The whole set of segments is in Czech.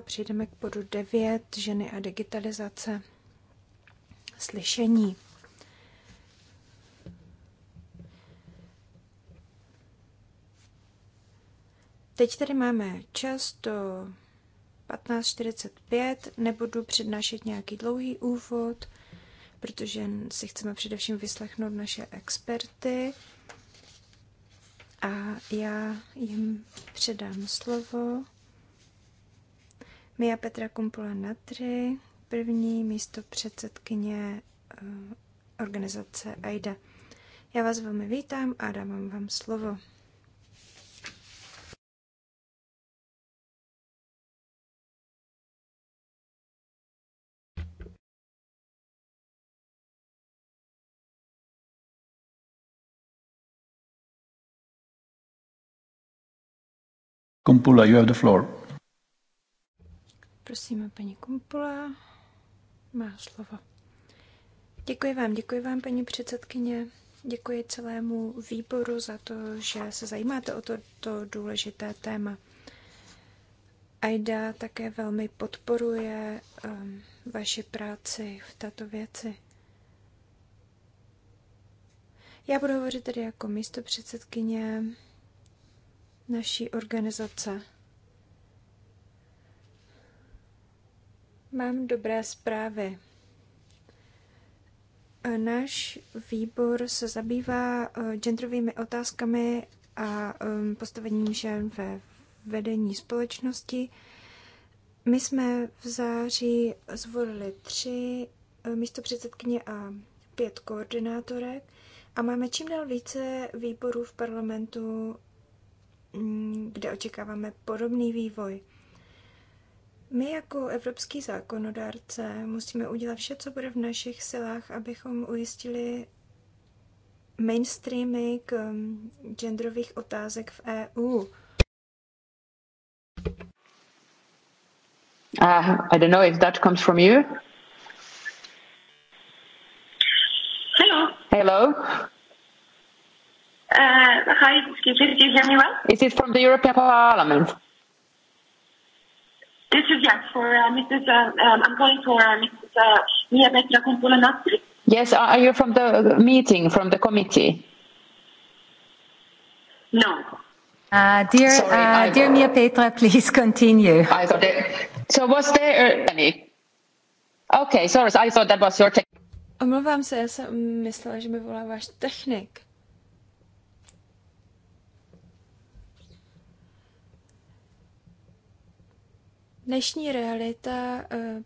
Přijdeme k bodu 9, ženy a digitalizace. Slyšení. Teď tady máme čas do 15.45. Nebudu přednášet nějaký dlouhý úvod, protože si chceme především vyslechnout naše experty. A já jim předám slovo. Mia Petra Kumpula Natry, první místo předsedkyně eh, organizace AIDA. Já vás velmi vítám a dávám vám slovo. Kumpula, you have the floor. Prosím, paní Kumpula má slovo. Děkuji vám, děkuji vám, paní předsedkyně. Děkuji celému výboru za to, že se zajímáte o toto to důležité téma. AIDA také velmi podporuje um, vaši práci v této věci. Já budu hovořit tedy jako místo předsedkyně naší organizace. Mám dobré zprávy. Náš výbor se zabývá eh, genderovými otázkami a eh, postavením žen ve vedení společnosti. My jsme v září zvolili tři eh, místo předsedkyně a pět koordinátorek a máme čím dál více výborů v parlamentu, mm, kde očekáváme podobný vývoj. My jako evropský zákonodárce musíme udělat vše, co bude v našich silách, abychom ujistili k um, genderových otázek v EU. Uh, I don't know if that comes from you. Hello. Hello. Uh, hi, excuse me, do you hear me well? Is it from the European Parliament? This is yes for uh, Mrs. Uh, um, I'm going for uh, Mrs. Uh, Mia Petra Kumpula Natri. Yes, are you from the meeting from the committee? No. Uh, dear, Sorry, uh, dear Mia Petra, please continue. I got it. So was there uh, any? Okay, sorry, I thought that was your tech. Omlouvám se, já jsem myslela, že mi volá váš technik. Dnešní realita eh,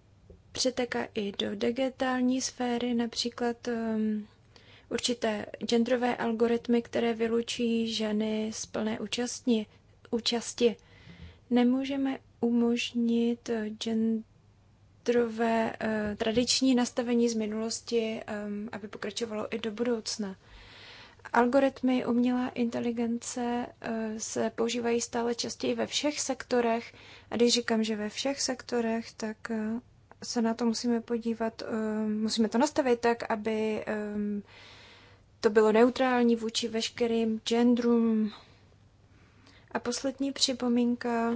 přeteká i do digitální sféry, například ehm, určité genderové algoritmy, které vylučují ženy z plné účastní, účasti. Nemůžeme umožnit eh, genderové eh, tradiční nastavení z minulosti, ehm, aby pokračovalo i do budoucna. Algoritmy umělá inteligence eh, se používají stále častěji ve všech sektorech. A když říkám, že ve všech sektorech, tak eh, se na to musíme podívat, eh, musíme to nastavit tak, aby ehm, to bylo neutrální vůči veškerým genderům. A poslední připomínka,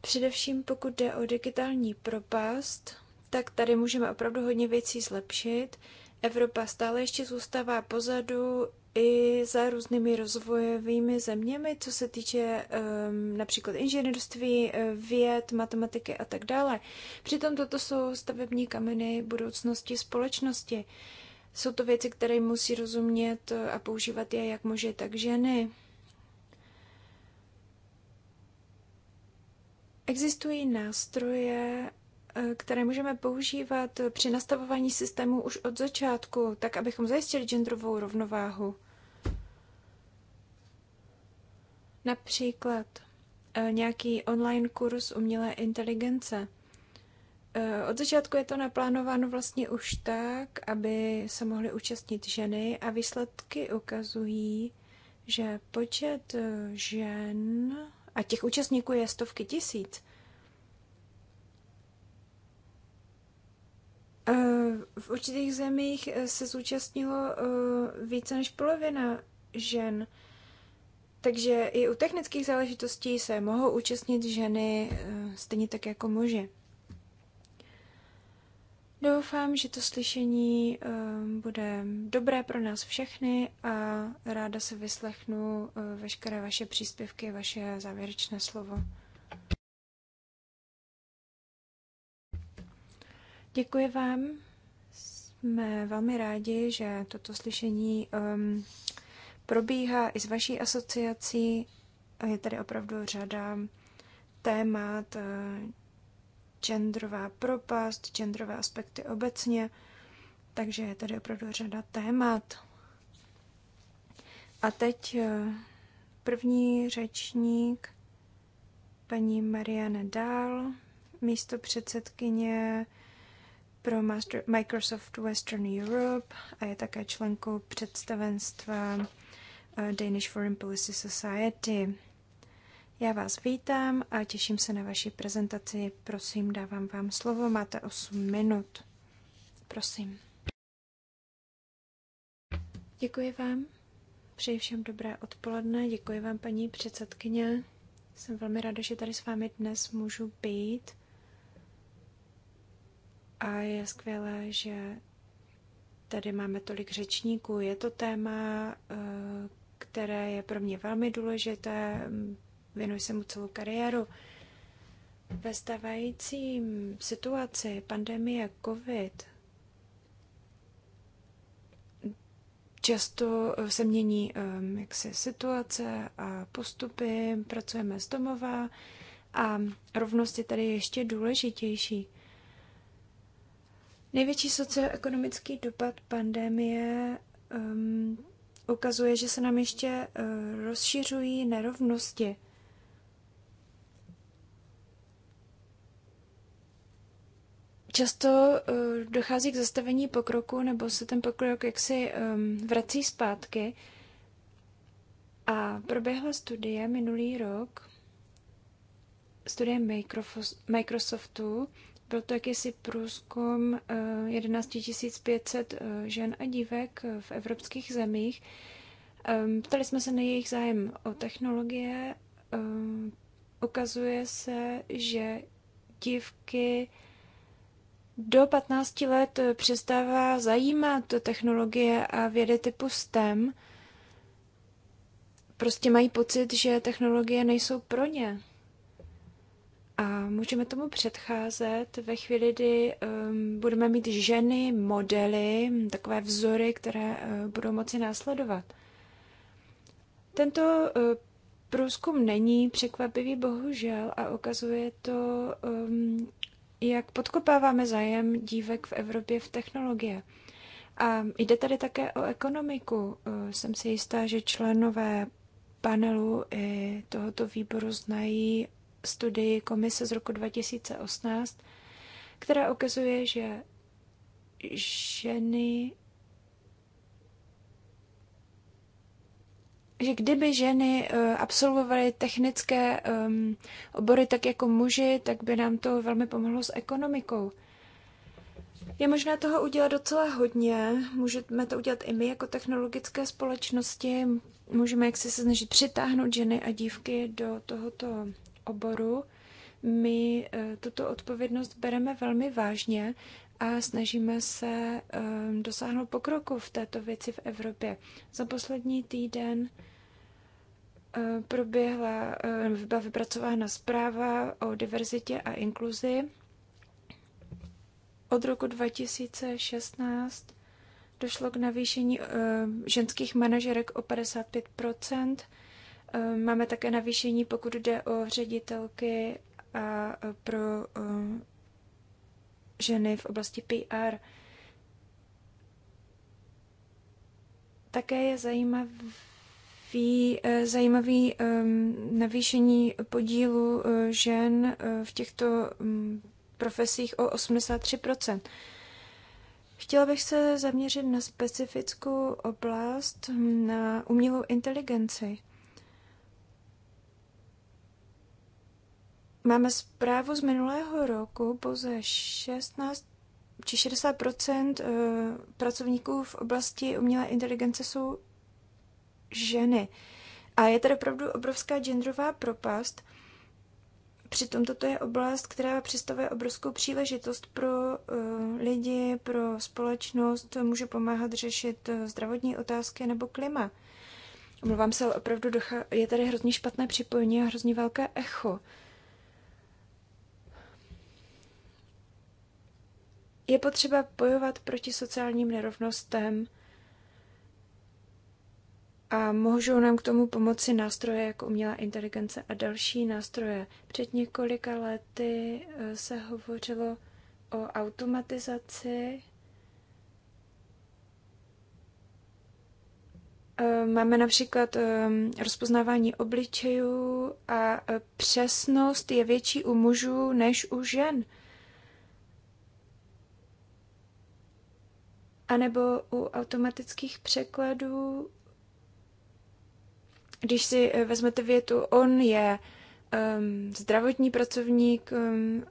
především pokud jde o digitální propast, tak tady můžeme opravdu hodně věcí zlepšit. Evropa stále ještě zůstává pozadu i za různými rozvojovými zeměmi, co se týče um, například inženýrství, eh, věd, matematiky a tak dále. Přitom toto jsou stavební kameny budoucnosti společnosti. Jsou to věci, které musí rozumět eh, a používat je jak muži, tak ženy. Existují nástroje Eh, které můžeme používat při nastavování systému už od začátku, tak abychom zajistili genderovou rovnováhu. Například eh, nějaký online kurz umělé inteligence. Eh, od začátku je to naplánováno vlastně už tak, aby se mohly účastnit ženy a výsledky ukazují, že počet žen a těch účastníků je stovky tisíc, V určitých zemích eh, se zúčastnilo eh, více než polovina žen. Takže i u technických záležitostí se mohou účastnit ženy eh, stejně tak jako muže. Doufám, že to slyšení bude dobré pro nás všechny a ráda se vyslechnu veškeré vaše příspěvky, vaše závěrečné slovo. Děkuji vám. Jsme velmi rádi, že toto slyšení um, probíhá i s vaší asociací. Je tady opravdu řada témat, uh, genderová propast, genderové aspekty obecně, takže je tady opravdu řada témat. A teď uh, první řečník, paní Marianne Dál, místo předsedkyně pro Master Microsoft Western Europe a je také členkou představenstva eh, Danish Foreign Policy Society. Já vás vítám a těším se na vaši prezentaci. Prosím, dávám vám slovo. Máte 8 minut. Prosím. Děkuji vám. Přeji všem dobré odpoledne. Děkuji vám, paní předsedkyně. Jsem velmi ráda, že tady s vámi dnes můžu být a je skvělé, že tady máme tolik řečníků. Je to téma, eh, které je pro mě velmi důležité. Věnuji se mu celou kariéru. Ve stávající situaci pandemie COVID často eh, se mění eh, jaksi, situace a postupy, pracujeme z domova a rovnost je tady ještě důležitější. Největší socioekonomický dopad pandemie um, ukazuje, že se nám ještě uh, rozšiřují nerovnosti. Často uh, dochází k zastavení pokroku, nebo se ten pokrok jaksi um, vrací zpátky. A proběhla studie minulý rok, studie Microsoftu byl to jakýsi průzkum 11 eh, 500 eh, žen a dívek eh, v evropských zemích. Ehm, ptali jsme se na jejich zájem o technologie. Ehm, ukazuje se, že dívky do 15 let přestává zajímat technologie a vědy typu STEM. Prostě mají pocit, že technologie nejsou pro ně. A můžeme tomu předcházet ve chvíli, kdy um, budeme mít ženy, modely, takové vzory, které uh, budou moci následovat. Tento uh, průzkum není překvapivý, bohužel, a ukazuje to, um, jak podkopáváme zájem dívek v Evropě v technologie. A jde tady také o ekonomiku. Uh, jsem si jistá, že členové panelu i tohoto výboru znají studii komise z roku 2018, která ukazuje, že ženy že kdyby ženy eh, absolvovaly technické ehm, obory tak jako muži, tak by nám to velmi pomohlo s ekonomikou. Je možné toho udělat docela hodně. Můžeme to udělat i my jako technologické společnosti. Můžeme jak se snažit přitáhnout ženy a dívky do tohoto oboru, my eh, tuto odpovědnost bereme velmi vážně a snažíme se eh, dosáhnout pokroku v této věci v Evropě. Za poslední týden eh, proběhla, byla vypracována zpráva o diverzitě a inkluzi. Od roku 2016 došlo k navýšení ženských manažerek o 55 Eh, máme také navýšení, pokud jde o ředitelky a eh, pro eh, ženy v oblasti PR. Také je zajímavý, zajímavý ehm, navýšení podílu žen v těchto mm, profesích o 83%. Chtěla bych se zaměřit na specifickou oblast, hm, na umělou inteligenci. Máme zprávu z minulého roku, pouze 16 či 60 eh, pracovníků v oblasti umělé inteligence jsou ženy. A je tady opravdu obrovská genderová propast. Přitom toto je oblast, která představuje obrovskou příležitost pro eh, lidi, pro společnost, může pomáhat řešit eh, zdravotní otázky nebo klima. Omlouvám se, ale opravdu je tady hrozně špatné připojení a hrozně velké echo. Je potřeba bojovat proti sociálním nerovnostem a můžou nám k tomu pomoci nástroje jako umělá inteligence a další nástroje. Před několika lety eh, se hovořilo o automatizaci. Eh, máme například ehm, rozpoznávání obličejů a eh, přesnost je větší u mužů než u žen. anebo u automatických překladů, když si eh, vezmete větu, on je um, zdravotní pracovník, um,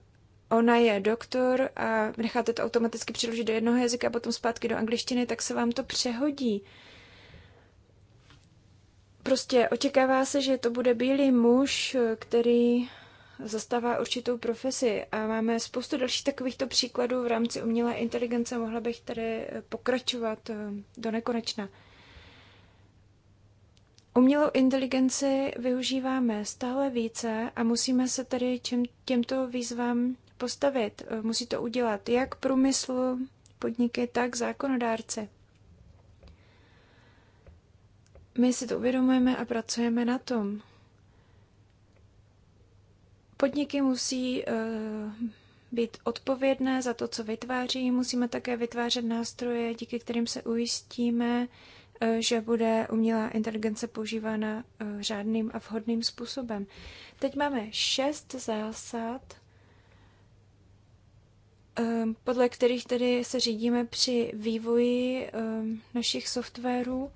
ona je doktor a necháte to automaticky přeložit do jednoho jazyka a potom zpátky do angličtiny, tak se vám to přehodí. Prostě očekává se, že to bude bílý muž, který zastává určitou profesi a máme spoustu dalších takovýchto příkladů v rámci umělé inteligence. Mohla bych tady pokračovat eh, do nekonečna. Umělou inteligenci využíváme stále více a musíme se tedy čem, těmto výzvám postavit. Eh, musí to udělat jak průmysl, podniky, tak zákonodárci. My si to uvědomujeme a pracujeme na tom. Podniky musí eh, být odpovědné za to, co vytváří. Musíme také vytvářet nástroje, díky kterým se ujistíme, eh, že bude umělá inteligence používána eh, řádným a vhodným způsobem. Teď máme šest zásad, podle kterých tedy se řídíme při vývoji našich softwarů.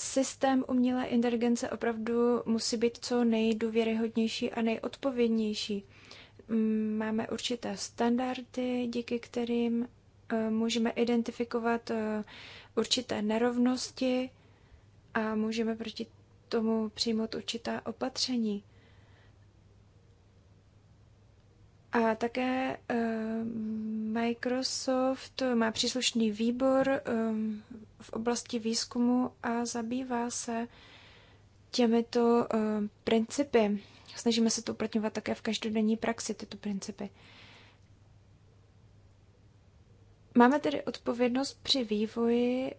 systém umělé inteligence opravdu musí být co nejdůvěryhodnější a nejodpovědnější. Mm, máme určité standardy, díky kterým eh, můžeme identifikovat eh, určité nerovnosti a můžeme proti tomu přijmout určitá opatření. A také eh, Microsoft má příslušný výbor eh, v oblasti výzkumu a zabývá se těmito eh, principy. Snažíme se to uplatňovat také v každodenní praxi, tyto principy. Máme tedy odpovědnost při vývoji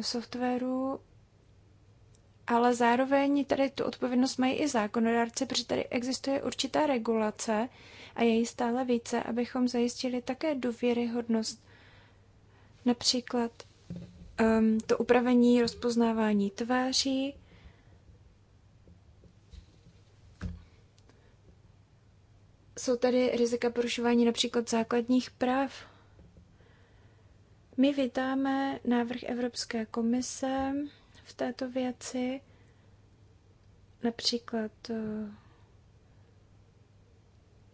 softwaru ale zároveň tady tu odpovědnost mají i zákonodárci, protože tady existuje určitá regulace a je jí stále více, abychom zajistili také důvěryhodnost. Například um, to upravení rozpoznávání tváří, jsou tady rizika porušování například základních práv. My vítáme návrh Evropské komise, v této věci. Například eh,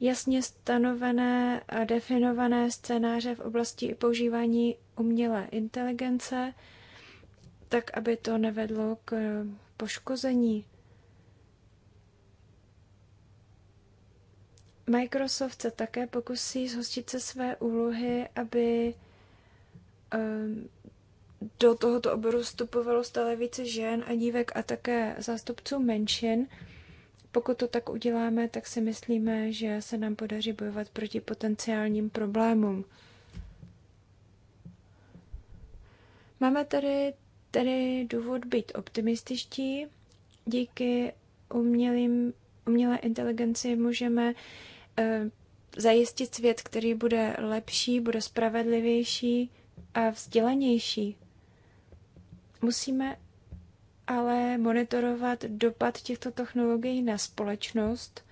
jasně stanovené a definované scénáře v oblasti používání umělé inteligence, tak aby to nevedlo k eh, poškození. Microsoft se také pokusí zhostit se své úlohy, aby eh, do tohoto oboru vstupovalo stále více žen a dívek a také zástupců menšin. Pokud to tak uděláme, tak si myslíme, že se nám podaří bojovat proti potenciálním problémům. Máme tady tady důvod být optimističtí. Díky umělým, umělé inteligenci můžeme e, zajistit svět, který bude lepší, bude spravedlivější a vzdělanější. Musíme ale monitorovat dopad těchto technologií na společnost,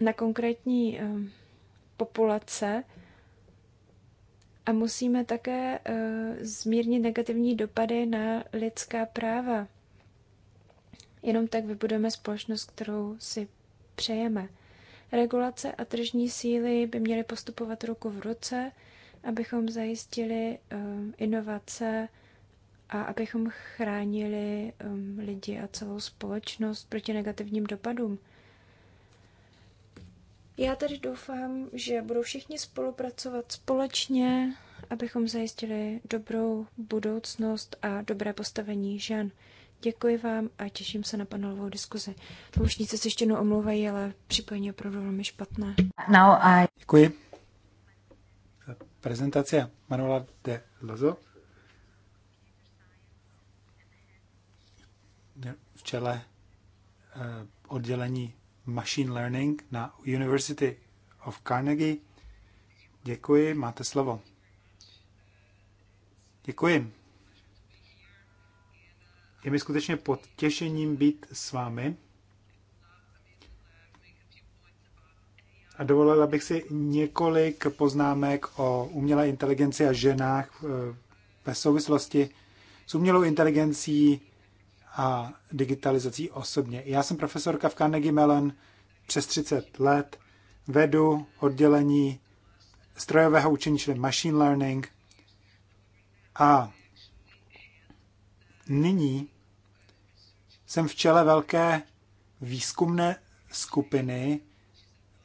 na konkrétní ehm, populace a musíme také eh, zmírnit negativní dopady na lidská práva. Jenom tak vybudeme společnost, kterou si přejeme. Regulace a tržní síly by měly postupovat ruku v ruce, abychom zajistili ehm, inovace, a abychom chránili um, lidi a celou společnost proti negativním dopadům. Já tady doufám, že budou všichni spolupracovat společně, abychom zajistili dobrou budoucnost a dobré postavení žen. Děkuji vám a těším se na panelovou diskuzi. Tlumočníci se ještě jednou omlouvají, ale připojení je opravdu velmi špatné. Now I... Děkuji. Prezentace Manuela de Lozo v čele eh, oddělení Machine Learning na University of Carnegie. Děkuji, máte slovo. Děkuji. Je mi skutečně těšením být s vámi. A dovolila bych si několik poznámek o umělé inteligenci a ženách eh, ve souvislosti s umělou inteligencí a digitalizací osobně. Já jsem profesorka v Carnegie Mellon přes 30 let, vedu oddělení strojového učení, čili machine learning a nyní jsem v čele velké výzkumné skupiny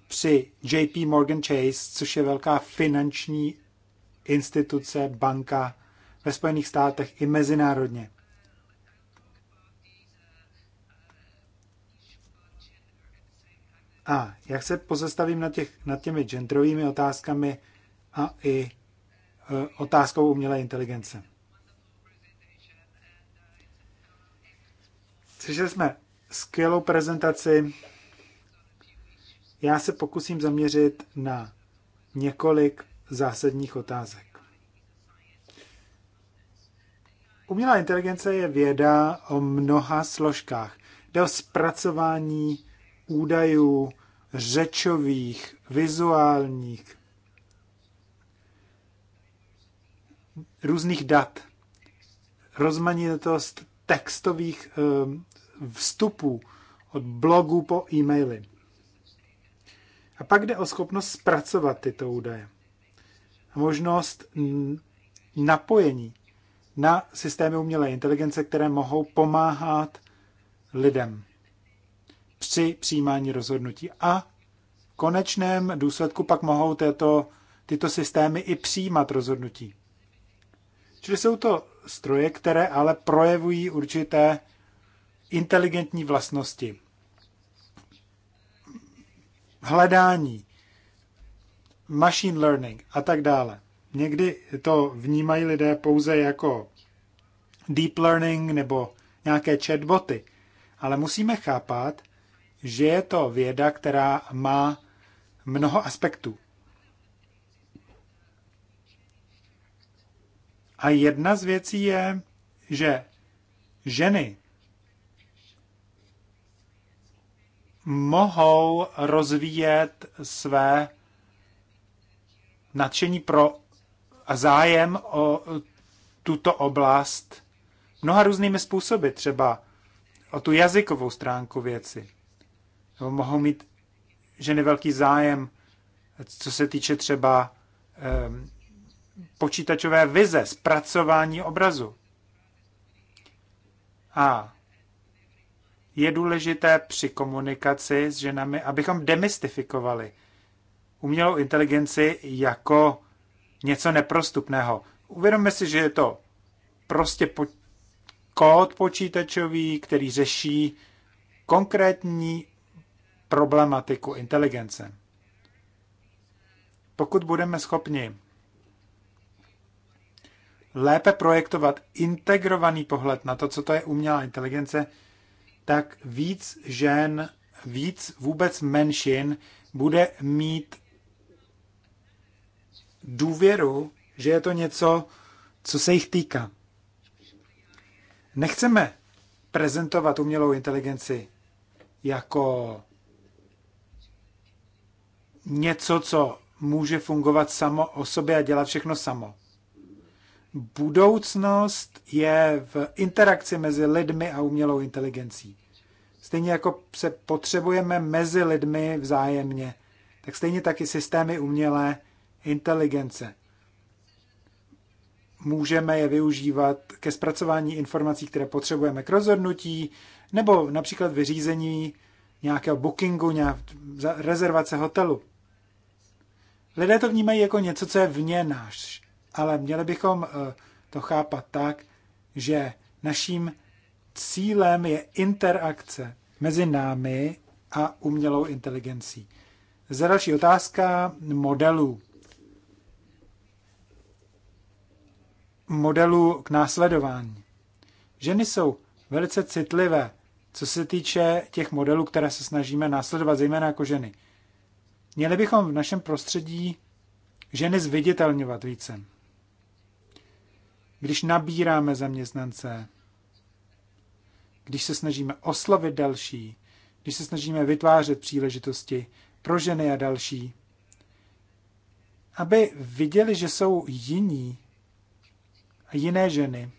při JP Morgan Chase, což je velká finanční instituce, banka ve Spojených státech i mezinárodně. A jak se pozastavím nad, těch, nad těmi genderovými otázkami a i e, otázkou umělé inteligence. Slyšeli jsme skvělou prezentaci. Já se pokusím zaměřit na několik zásadních otázek. Umělá inteligence je věda o mnoha složkách. Jde o zpracování údajů řečových, vizuálních, různých dat, rozmanitost textových ehm, vstupů od blogů po e-maily. A pak jde o schopnost zpracovat tyto údaje. A možnost napojení na systémy umělé inteligence, které mohou pomáhat lidem při přijímání rozhodnutí. A v konečném důsledku pak mohou této, tyto systémy i přijímat rozhodnutí. Čili jsou to stroje, které ale projevují určité inteligentní vlastnosti. Hledání, machine learning a tak dále. Někdy to vnímají lidé pouze jako deep learning nebo nějaké chatboty, ale musíme chápat, že je to věda, která má mnoho aspektů. A jedna z věcí je, že ženy mohou rozvíjet své nadšení pro a zájem o tuto oblast mnoha různými způsoby, třeba o tu jazykovou stránku věci nebo mohou mít ženy velký zájem, co se týče třeba um, počítačové vize, zpracování obrazu. A je důležité při komunikaci s ženami, abychom demystifikovali umělou inteligenci jako něco neprostupného. Uvědomme si, že je to prostě po- kód počítačový, který řeší konkrétní problematiku inteligence. Pokud budeme schopni lépe projektovat integrovaný pohled na to, co to je umělá inteligence, tak víc žen, víc vůbec menšin bude mít důvěru, že je to něco, co se jich týká. Nechceme prezentovat umělou inteligenci jako něco, co může fungovat samo o sobě a dělat všechno samo. Budoucnost je v interakci mezi lidmi a umělou inteligencí. Stejně jako se potřebujeme mezi lidmi vzájemně, tak stejně taky systémy umělé inteligence. Můžeme je využívat ke zpracování informací, které potřebujeme k rozhodnutí, nebo například vyřízení nějakého bookingu, nějak, rezervace hotelu. Lidé to vnímají jako něco, co je vně náš, ale měli bychom eh, to chápat tak, že naším cílem je interakce mezi námi a umělou inteligencí. Za další otázka modelů. Modelů k následování. Ženy jsou velice citlivé, co se týče těch modelů, které se snažíme následovat, zejména jako ženy. Měli bychom v našem prostředí ženy zviditelňovat více. Když nabíráme zaměstnance, když se snažíme oslovit další, když se snažíme vytvářet příležitosti pro ženy a další, aby viděli, že jsou jiní a jiné ženy.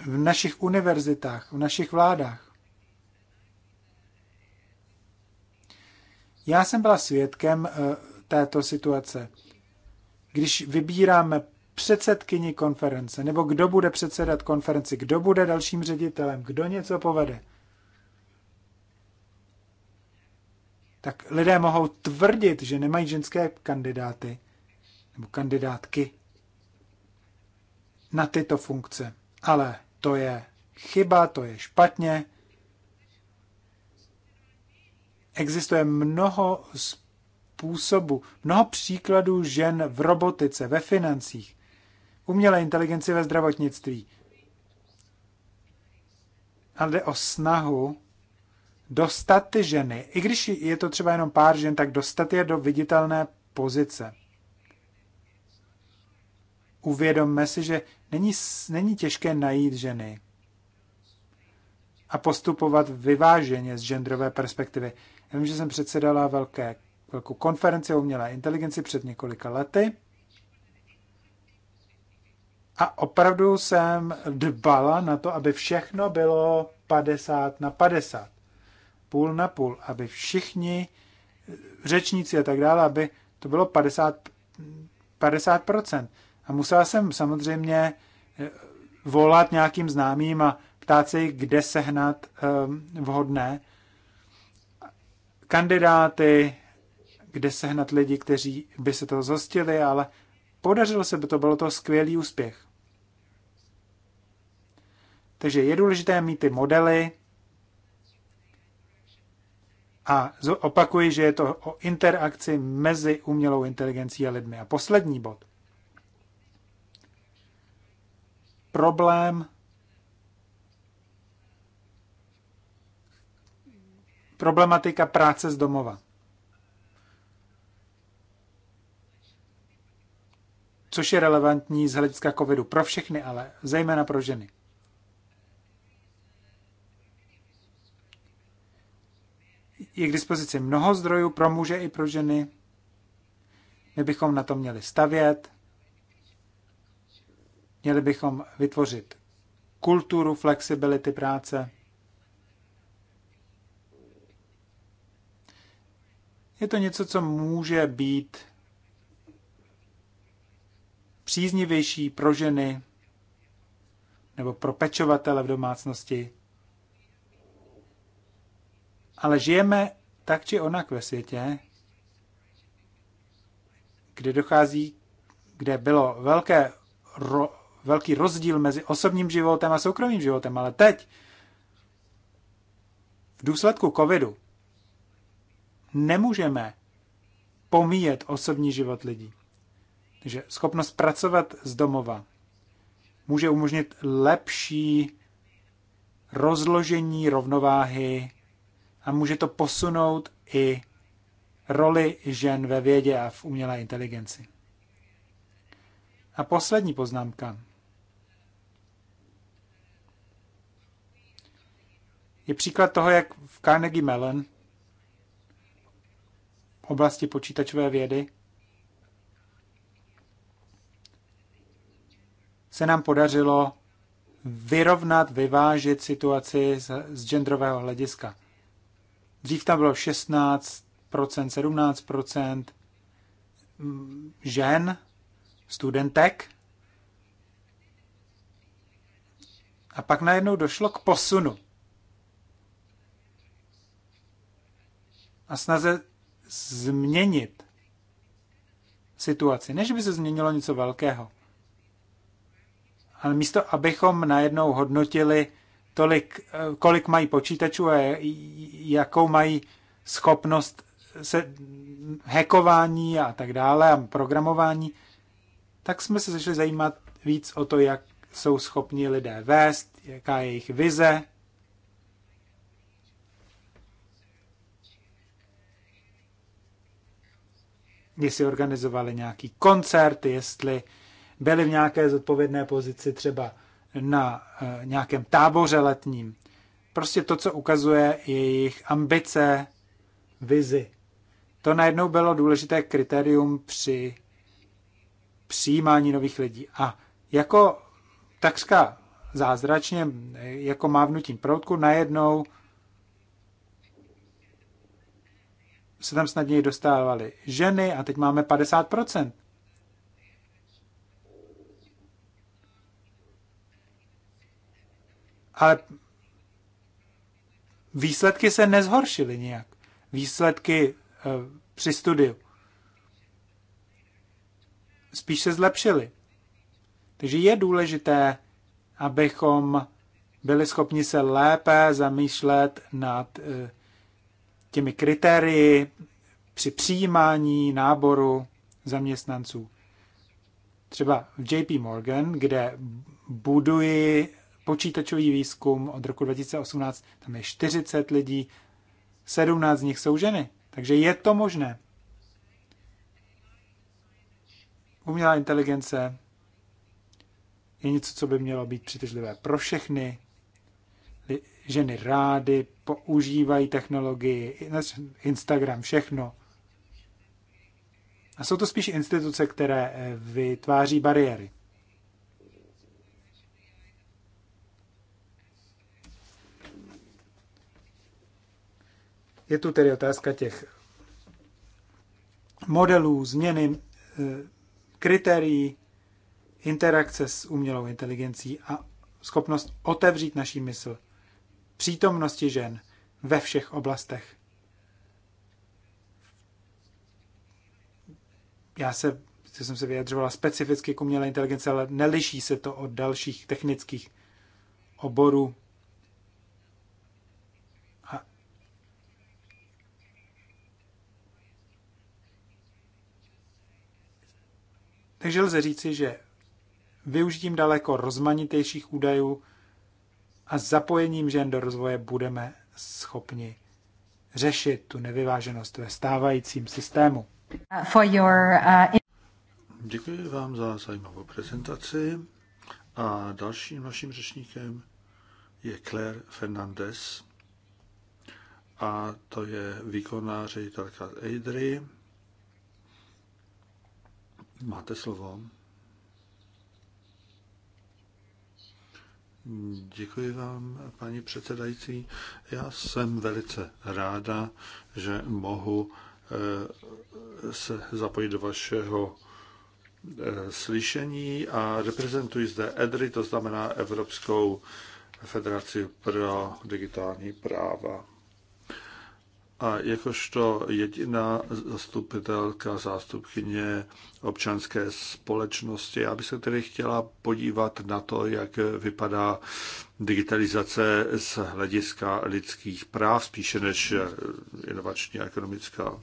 V našich univerzitách, v našich vládách. Já jsem byla svědkem eh, této situace. Když vybíráme předsedkyni konference, nebo kdo bude předsedat konferenci, kdo bude dalším ředitelem, kdo něco povede, tak lidé mohou tvrdit, že nemají ženské kandidáty nebo kandidátky na tyto funkce. Ale to je chyba, to je špatně, existuje mnoho způsobů, mnoho příkladů žen v robotice, ve financích, umělé inteligenci ve zdravotnictví. Ale jde o snahu dostat ty ženy, i když je to třeba jenom pár žen, tak dostat je do viditelné pozice. Uvědomme si, že není, není těžké najít ženy a postupovat vyváženě z genderové perspektivy. Já vím, že jsem předsedala velké, velkou konferenci o umělé inteligenci před několika lety. A opravdu jsem dbala na to, aby všechno bylo 50 na 50. Půl na půl, aby všichni řečníci a tak dále, aby to bylo 50, 50%. A musela jsem samozřejmě eh, volat nějakým známým a ptát se jich, kde sehnat um, vhodné kandidáty, kde sehnat lidi, kteří by se toho zhostili, ale podařilo se by to, bylo to skvělý úspěch. Takže je důležité mít ty modely a opakuji, že je to o interakci mezi umělou inteligencí a lidmi. A poslední bod. Problém Problematika práce z domova. Což je relevantní z hlediska covidu pro všechny, ale zejména pro ženy. Je k dispozici mnoho zdrojů pro muže i pro ženy. My bychom na to měli stavět. Měli bychom vytvořit kulturu flexibility práce. Je to něco, co může být příznivější pro ženy nebo pro pečovatele v domácnosti. Ale žijeme tak či onak ve světě, kde dochází, kde bylo velké, ro, velký rozdíl mezi osobním životem a soukromým životem, ale teď v důsledku covidu nemůžeme pomíjet osobní život lidí. Takže schopnost pracovat z domova může umožnit lepší rozložení rovnováhy a může to posunout i roli žen ve vědě a v umělé inteligenci. A poslední poznámka. Je příklad toho, jak v Carnegie Mellon oblasti počítačové vědy se nám podařilo vyrovnat, vyvážit situaci z, z genderového hlediska. Dřív tam bylo 16%, 17% žen, studentek. A pak najednou došlo k posunu. A snaze změnit situaci. Než by se změnilo něco velkého. Ale místo, abychom najednou hodnotili tolik, eh, kolik mají počítačů a jakou mají schopnost se hackování a tak dále a programování, tak jsme se začali zajímat víc o to, jak jsou schopni lidé vést, jaká je jejich vize, jestli organizovali nějaký koncert, jestli byli v nějaké zodpovědné pozici třeba na eh, nějakém táboře letním. Prostě to, co ukazuje jejich ambice, vizi. To najednou bylo důležité kritérium při přijímání nových lidí. A jako takřka zázračně, jako mávnutím proutku, najednou se tam snadněji dostávaly ženy a teď máme 50%. Ale výsledky se nezhoršily nějak. Výsledky eh, při studiu. Spíš se zlepšily. Takže je důležité, abychom byli schopni se lépe zamýšlet nad eh, těmi kritérii při přijímání náboru zaměstnanců. Třeba v JP Morgan, kde buduji počítačový výzkum od roku 2018, tam je 40 lidí, 17 z nich jsou ženy. Takže je to možné. Umělá inteligence je něco, co by mělo být přitažlivé pro všechny, ženy rády používají technologii, Instagram, všechno. A jsou to spíš instituce, které eh, vytváří bariéry. Je tu tedy otázka těch modelů, změny eh, kritérií, interakce s umělou inteligencí a schopnost otevřít naší mysl přítomnosti žen ve všech oblastech. Já se, já jsem se vyjadřovala specificky k umělé inteligenci, ale neliší se to od dalších technických oborů. A Takže lze říci, že využitím daleko rozmanitějších údajů a zapojením žen do rozvoje budeme schopni řešit tu nevyváženost ve stávajícím systému. For your, uh... Děkuji vám za zajímavou prezentaci. A dalším naším řečníkem je Claire Fernandez a to je výkonná ředitelka Eidry. Máte slovo. Děkuji vám, paní předsedající. Já jsem velice ráda, že mohu eh, se zapojit do vašeho eh, slyšení a reprezentuji zde EDRI, to znamená Evropskou federaci pro digitální práva a jakožto jediná zastupitelka, zástupkyně občanské společnosti. Já bych se tedy chtěla podívat na to, jak vypadá digitalizace z hlediska lidských práv, spíše než inovační a ekonomická.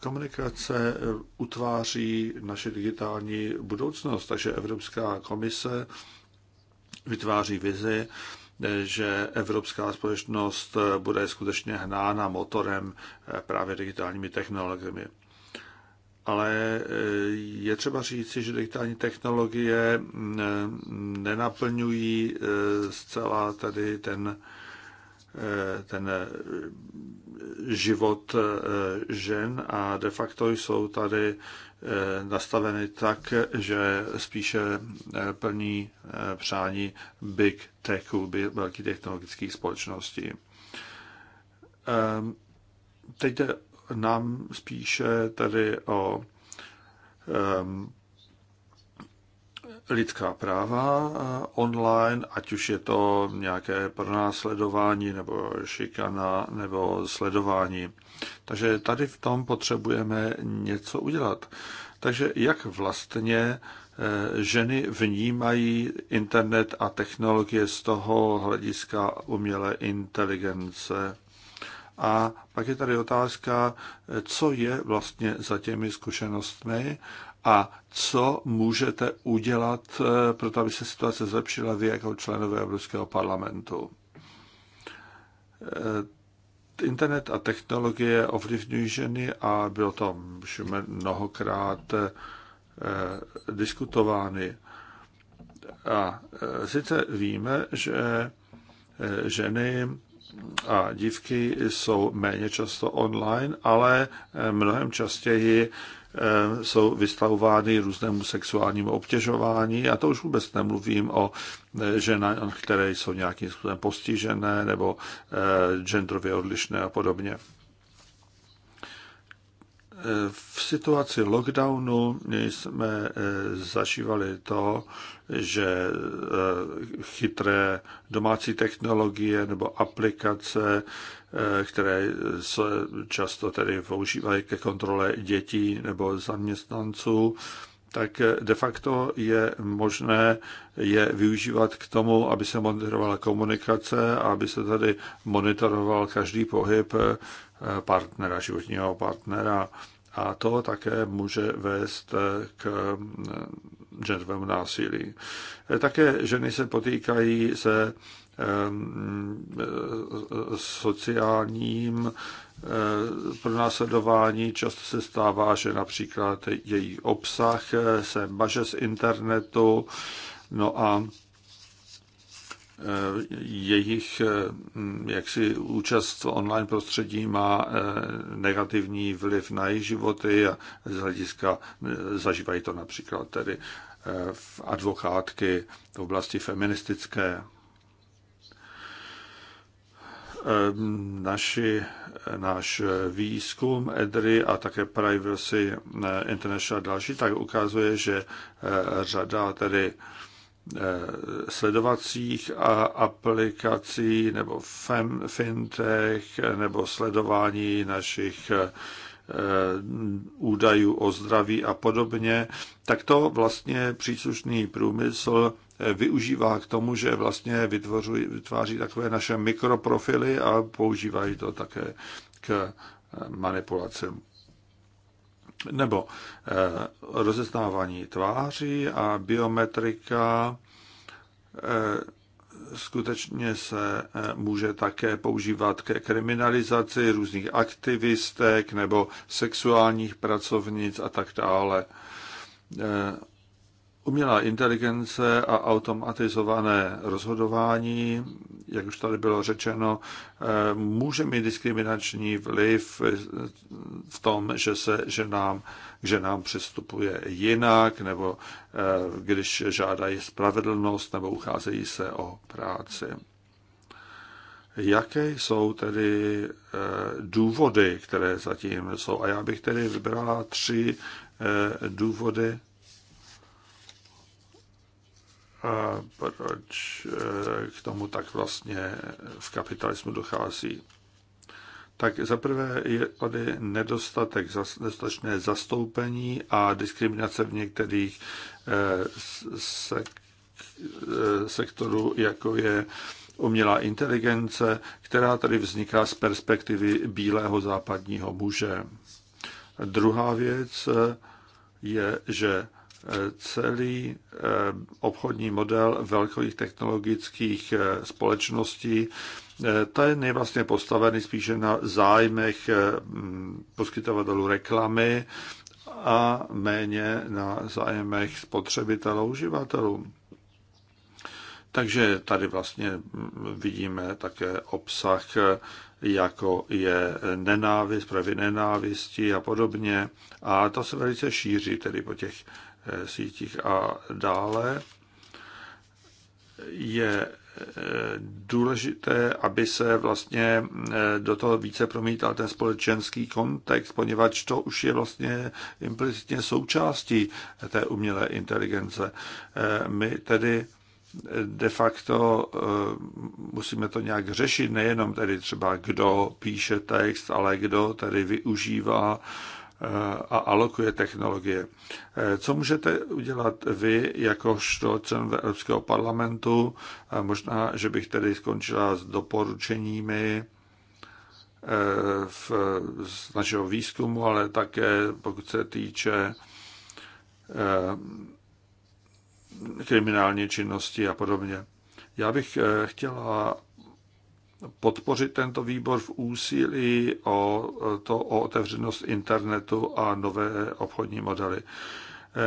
Komunikace utváří naše digitální budoucnost, takže Evropská komise vytváří vizi, že evropská společnost bude skutečně hnána motorem eh, právě digitálními technologiemi. Ale eh, je třeba říci, že digitální technologie mm, eh, nenaplňují zcela tady ten Eh, ten eh, život eh, žen a de facto jsou tady nastaveny tak, že spíše plní přání big techů, velkých technologických společností. Ehm, teď jde nám spíše tedy o ehm, lidská práva online, ať už je to nějaké pronásledování nebo šikana nebo sledování. Takže tady v tom potřebujeme něco udělat. Takže jak vlastně eh, ženy vnímají internet a technologie z toho hlediska umělé inteligence? A pak je tady otázka, co je vlastně za těmi zkušenostmi a co můžete udělat eh, pro to, aby se situace zlepšila vy jako členové Evropského parlamentu. Eh, internet a technologie ovlivňují ženy a bylo to už mnohokrát eh, diskutovány. A sice víme, že ženy a dívky jsou méně často online, ale mnohem častěji Eh, jsou vystavovány různému sexuálnímu obtěžování a to už vůbec nemluvím o eh, ženách, které jsou nějakým způsobem postižené nebo eh, genderově odlišné a podobně. V situaci lockdownu jsme zažívali to, že eh, chytré domácí technologie nebo aplikace, eh, které se často tedy používají ke kontrole dětí nebo zaměstnanců, tak de facto je možné je využívat k tomu, aby se monitorovala komunikace a aby se tady monitoroval každý pohyb eh, partnera, životního partnera a to také může vést k genderovému eh, násilí. Eh, také ženy se potýkají se eh, sociálním následování Často se stává, že například její obsah se maže z internetu, no a Eh, jejich eh, jaksi účast v online prostředí má eh, negativní vliv na jejich životy a z hlediska zažívají to například tedy v advokátky v oblasti feministické. Naši, náš výzkum EDRI a také Privacy International další tak ukazuje, že řada tedy Eh, sledovacích aplikací nebo fintech nebo sledování našich eh, eh, údajů o zdraví a podobně, tak to vlastně příslušný průmysl využívá k tomu, že vlastně vytváří takové naše mikroprofily a používají to také k manipulacím nebo eh, rozeznávání tváří a biometrika eh, skutečně se eh, může také používat ke kriminalizaci různých aktivistek nebo sexuálních pracovnic a tak dále. Umělá inteligence a automatizované rozhodování, jak už tady bylo řečeno, eh, může mít diskriminační vliv eh, v tom, že se že nám, že nám přistupuje jinak, nebo eh, když žádají spravedlnost nebo ucházejí se o práci. Jaké jsou tedy důvody, které zatím jsou? A já bych tedy vybrala tři důvody, proč eh, k tomu tak vlastně v kapitalismu dochází. Tak zaprvé je tady nedostatek, nedostatečné zastoupení a diskriminace v některých eh, eh, sektorů, jako je umělá inteligence, která tady vzniká z perspektivy bílého západního muže. Druhá věc je, že celý eh, obchodní model velkých technologických eh, společností. Eh, ten je vlastně postavený spíše na zájmech mm, poskytovatelů reklamy a méně na zájmech spotřebitelů, uživatelů. Takže tady vlastně mm, vidíme také obsah, jako je nenávist, pravě nenávisti a podobně. A to se velice šíří tedy po těch Eh, sítích a dále, je eh, důležité, aby se vlastně eh, do toho více promítal ten společenský kontext, poněvadž to už je vlastně implicitně součástí té umělé inteligence. My tedy de facto musíme to nějak řešit, nejenom tedy třeba kdo píše text, ale kdo tedy využívá Eh, a alokuje technologie. Eh, co můžete udělat vy jakožto člen Evropského parlamentu? Eh, možná, že bych tedy skončila s doporučeními v, z našeho výzkumu, ale také pokud se týče kriminální činnosti a podobně. Já bych chtěla podpořit tento výbor v úsilí o, to, o otevřenost internetu a nové obchodní modely.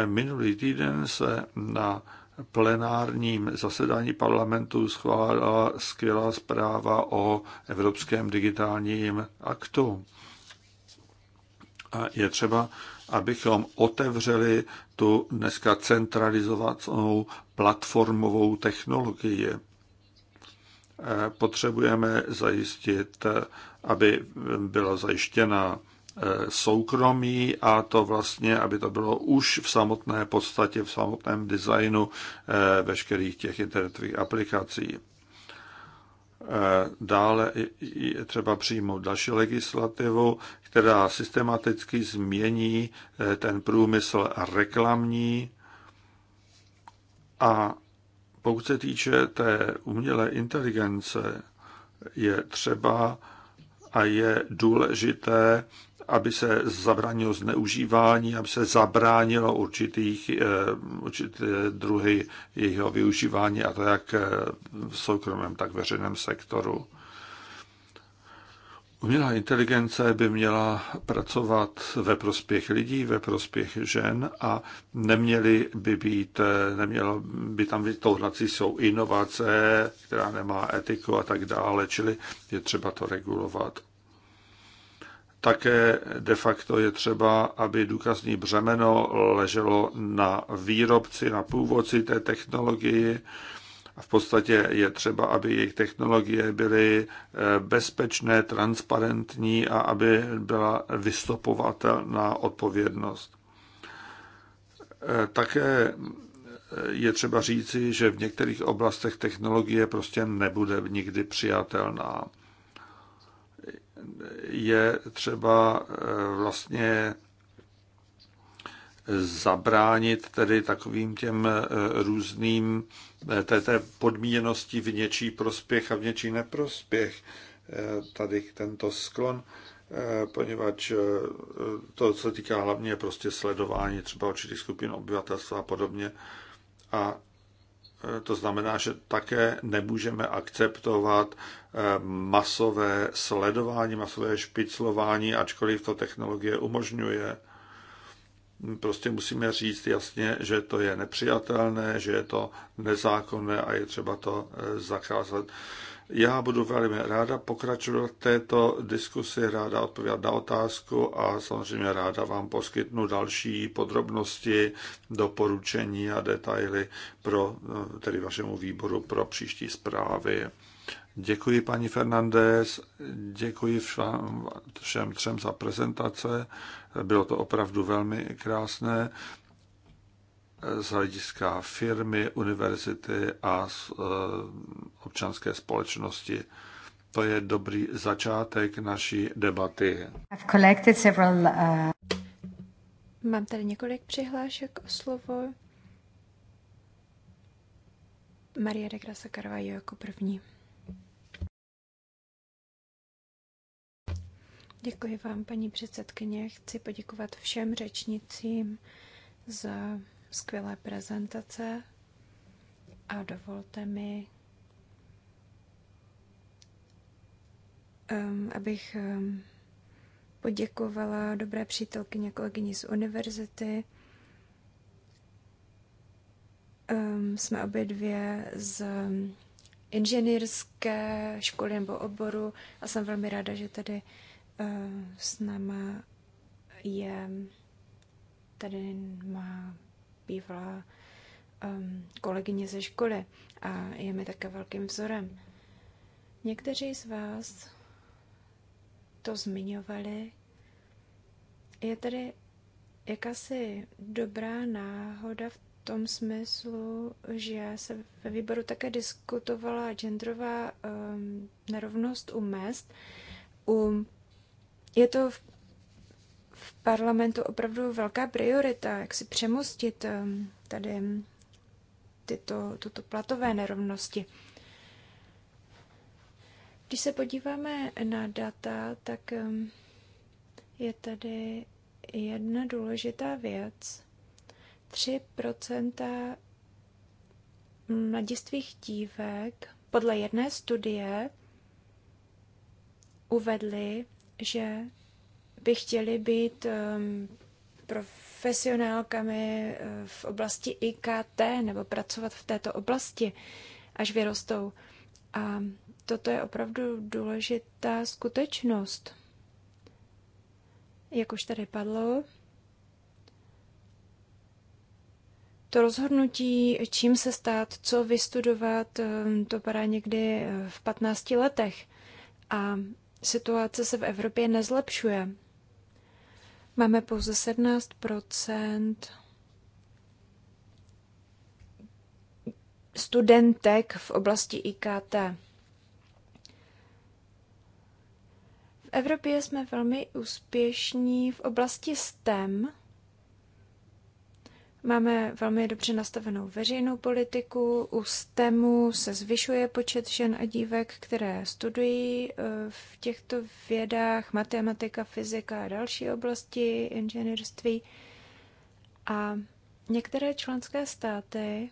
Minulý týden se na plenárním zasedání parlamentu schválila skvělá zpráva o Evropském digitálním aktu. A je třeba, abychom otevřeli tu dneska centralizovanou platformovou technologii potřebujeme zajistit, aby byla zajištěna eh, soukromí a to vlastně, aby to bylo už v samotné podstatě, v samotném designu eh, veškerých těch internetových aplikací. Eh, dále je třeba přijmout další legislativu, která systematicky změní ten průmysl reklamní a pokud se týče té umělé inteligence, je třeba a je důležité, aby se zabránilo zneužívání, aby se zabránilo určitých, eh, určité druhy jejího využívání, a to jak v soukromém, tak v veřejném sektoru. Umělá inteligence by měla pracovat ve prospěch lidí, ve prospěch žen a neměly by být, nemělo by tam být touhlací jsou inovace, která nemá etiku a tak dále, čili je třeba to regulovat. Také de facto je třeba, aby důkazní břemeno leželo na výrobci, na původci té technologii, v podstatě je třeba, aby jejich technologie byly eh, bezpečné, transparentní a aby byla vystopovatelná odpovědnost. Eh, také eh, je třeba říci, že v některých oblastech technologie prostě nebude nikdy přijatelná. Je třeba vlastně zabránit tedy takovým těm různým té, té podmíněnosti v něčí prospěch a v něčí neprospěch. Eh, tady tento sklon, eh, poněvadž eh, to se týká hlavně prostě sledování třeba určitých skupin obyvatelstva a podobně. A to znamená, že také nemůžeme akceptovat masové sledování, masové špiclování, ačkoliv to technologie umožňuje prostě musíme říct jasně, že to je nepřijatelné, že je to nezákonné a je třeba to eh, zakázat. Já budu velmi ráda pokračovat v této diskusi, ráda odpovědět na otázku a samozřejmě ráda vám poskytnu další podrobnosti, doporučení a detaily pro eh, tedy vašemu výboru pro příští zprávy. Děkuji paní Fernandez, děkuji všem, všem třem za prezentace. Bylo to opravdu velmi krásné z hlediska firmy, univerzity a e, občanské společnosti. To je dobrý začátek naší debaty. Uh, Mám tady několik přihlášek o slovo. Maria de Grasa Carvalho jako první. Děkuji vám, paní předsedkyně. Chci poděkovat všem řečnicím za skvělé prezentace a dovolte mi, um, abych um, poděkovala dobré přítelkyně kolegyni z univerzity. Um, jsme obě dvě z inženýrské školy nebo oboru a jsem velmi ráda, že tady Eh, s náma je tady má bývalá um, kolegyně ze školy a je mi také velkým vzorem. Někteří z vás to zmiňovali. Je tady jakási dobrá náhoda v tom smyslu, že se ve výboru také diskutovala genderová um, nerovnost u mest, u je to v, v parlamentu opravdu velká priorita, jak si přemostit ehm, tady tyto, tuto platové nerovnosti. Když se podíváme na data, tak ehm, je tady jedna důležitá věc. 3% mladistvých dívek podle jedné studie uvedly, že by chtěli být um, profesionálkami uh, v oblasti IKT nebo pracovat v této oblasti, až vyrostou. A toto je opravdu důležitá skutečnost. Jak už tady padlo, to rozhodnutí, čím se stát, co vystudovat, um, to padá někdy uh, v 15 letech. A Situace se v Evropě nezlepšuje. Máme pouze 17 studentek v oblasti IKT. V Evropě jsme velmi úspěšní v oblasti STEM, Máme velmi dobře nastavenou veřejnou politiku. U STEMu se zvyšuje počet žen a dívek, které studují eh, v těchto vědách matematika, fyzika a další oblasti inženýrství. A některé členské státy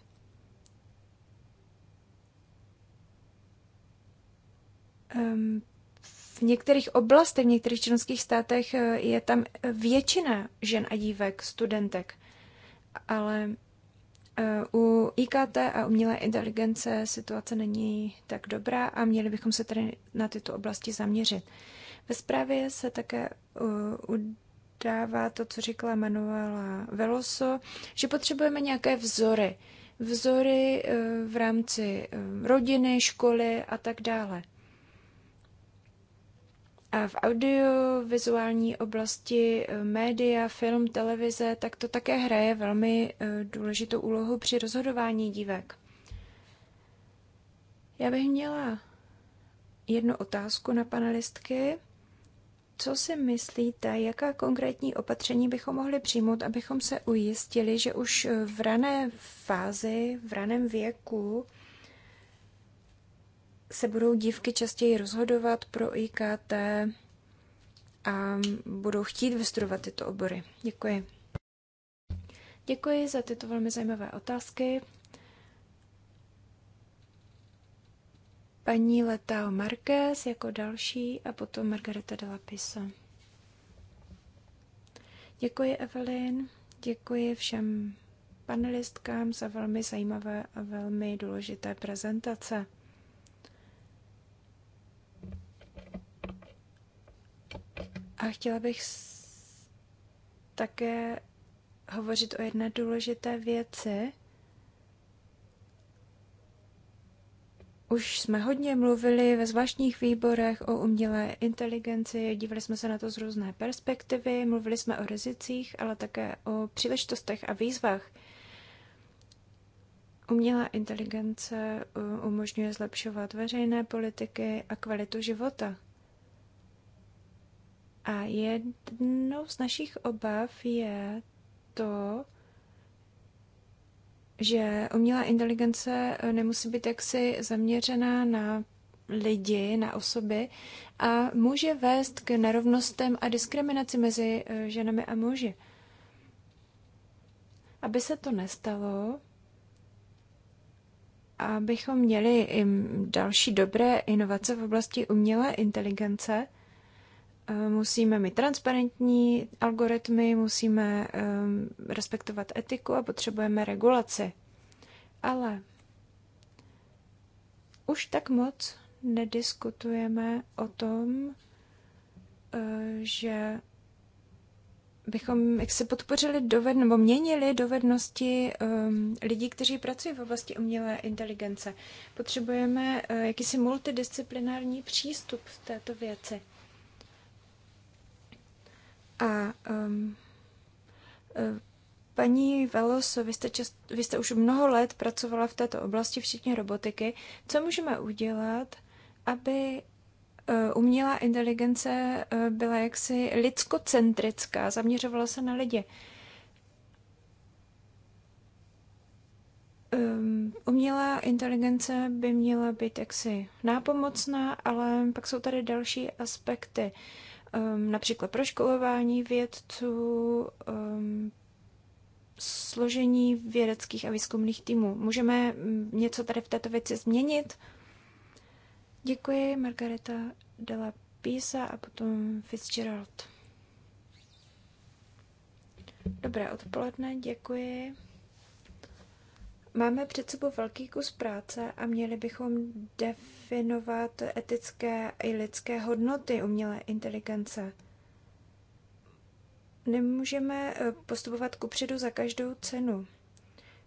um, v některých oblastech, v některých členských státech eh, je tam většina žen a dívek, studentek ale eh, u IKT a umělé inteligence situace není tak dobrá a měli bychom se tedy na tyto oblasti zaměřit. Ve zprávě se také eh, udává to, co říkala Manuela Veloso, že potřebujeme nějaké vzory. Vzory eh, v rámci rodiny, školy a tak dále. A v audiovizuální oblasti eh, média, film, televize, tak to také hraje velmi eh, důležitou úlohu při rozhodování dívek. Já bych měla jednu otázku na panelistky. Co si myslíte, jaká konkrétní opatření bychom mohli přijmout, abychom se ujistili, že už eh, v rané fázi, v raném věku se budou dívky častěji rozhodovat pro IKT a budou chtít vystudovat tyto obory. Děkuji. Děkuji za tyto velmi zajímavé otázky. Paní Letao Marquez jako další a potom Margareta de la Pisa. Děkuji, Evelyn. Děkuji všem panelistkám za velmi zajímavé a velmi důležité prezentace. A chtěla bych také hovořit o jedné důležité věci. Už jsme hodně mluvili ve zvláštních výborech o umělé inteligenci, dívali jsme se na to z různé perspektivy, mluvili jsme o rizicích, ale také o příležitostech a výzvách. Umělá inteligence uh, umožňuje zlepšovat veřejné politiky a kvalitu života. A jednou z našich obav je to, že umělá inteligence eh, nemusí být jaksi zaměřená na lidi, na osoby a může vést k nerovnostem a diskriminaci mezi eh, ženami a muži. Aby se to nestalo, abychom měli i další dobré inovace v oblasti umělé inteligence, Eh, musíme mít transparentní algoritmy, musíme eh, respektovat etiku a potřebujeme regulaci. Ale už tak moc nediskutujeme o tom, eh, že bychom jak se podpořili doved, nebo měnili dovednosti um, lidí, kteří pracují v oblasti umělé inteligence. Potřebujeme uh, jakýsi multidisciplinární přístup v této věci. A um, e, paní Velos, vy jste, čas, vy jste už mnoho let pracovala v této oblasti, včetně robotiky. Co můžeme udělat, aby e, umělá inteligence e, byla jaksi lidskocentrická, zaměřovala se na lidi. Ehm, umělá inteligence by měla být jaksi nápomocná, ale pak jsou tady další aspekty um, například proškolování vědců, um, složení vědeckých a výzkumných týmů. Můžeme mm, něco tady v této věci změnit? Děkuji, Margareta Della Pisa a potom Fitzgerald. Dobré odpoledne, děkuji. Máme před sebou velký kus práce a měli bychom definovat etické i lidské hodnoty umělé inteligence. Nemůžeme eh, postupovat kupředu za každou cenu.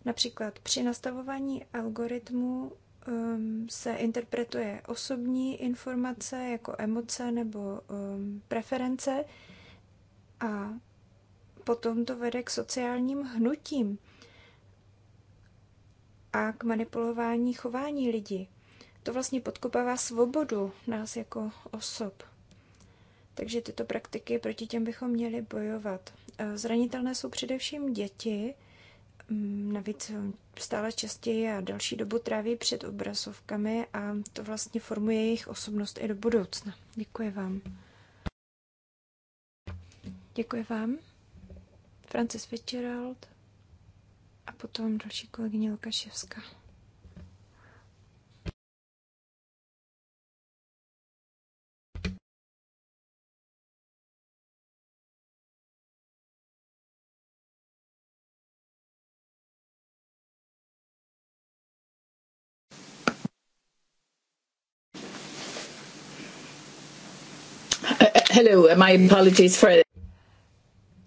Například při nastavování algoritmu um, se interpretuje osobní informace jako emoce nebo um, preference a potom to vede k sociálním hnutím a k manipulování chování lidí. To vlastně podkopává svobodu nás jako osob. Takže tyto praktiky proti těm bychom měli bojovat. Eh, zranitelné jsou především děti, mm, navíc eh, stále častěji a další dobu tráví před obrazovkami a to vlastně formuje jejich osobnost i do budoucna. Děkuji vám. Děkuji vám. Francis Fitzgerald. A potom další kolegyně Lukaševská. Hello, my apologies for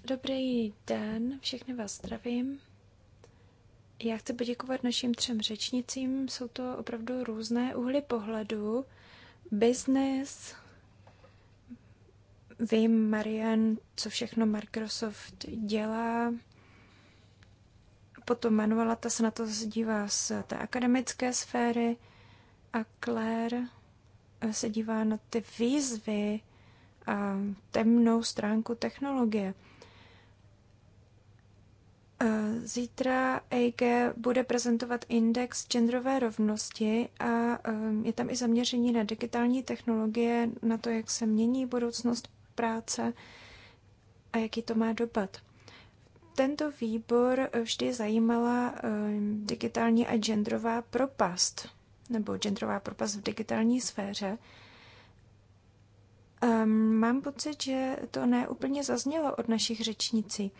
Dobrý den, všechny vás zdravím. Já chci poděkovat našim třem řečnicím. Jsou to opravdu různé úhly pohledu. Business, vím, Marian, co všechno Microsoft dělá. Potom Manuela, ta se na to dívá z té akademické sféry a Claire eh, se dívá na ty výzvy a temnou stránku technologie. Eh, zítra EIG bude prezentovat index genderové rovnosti a eh, je tam i zaměření na digitální technologie, na to, jak se mění budoucnost práce a jaký to má dopad. Tento výbor vždy zajímala eh, digitální a genderová propast, nebo genderová propast v digitální sféře. Ehm, mám pocit, že to neúplně zaznělo od našich řečnicí.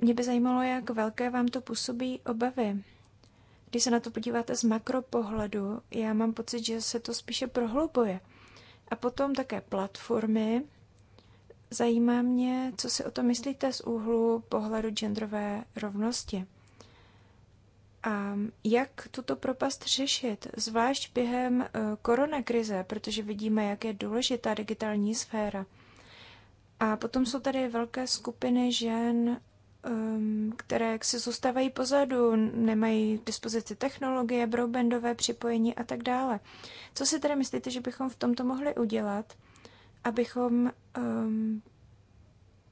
Mě by zajímalo, jak velké vám to působí obavy. Když se na to podíváte z makropohledu, já mám pocit, že se to spíše prohlubuje. A potom také platformy. Zajímá mě, co si o to myslíte z úhlu pohledu genderové rovnosti. A jak tuto propast řešit, zvlášť během eh, koronakrize, protože vidíme, jak je důležitá digitální sféra. A potom jsou tady velké skupiny žen Ehm, které jaksi si zůstávají pozadu, nemají k dispozici technologie, broadbandové připojení a tak dále. Co si tedy myslíte, že bychom v tomto mohli udělat, abychom um,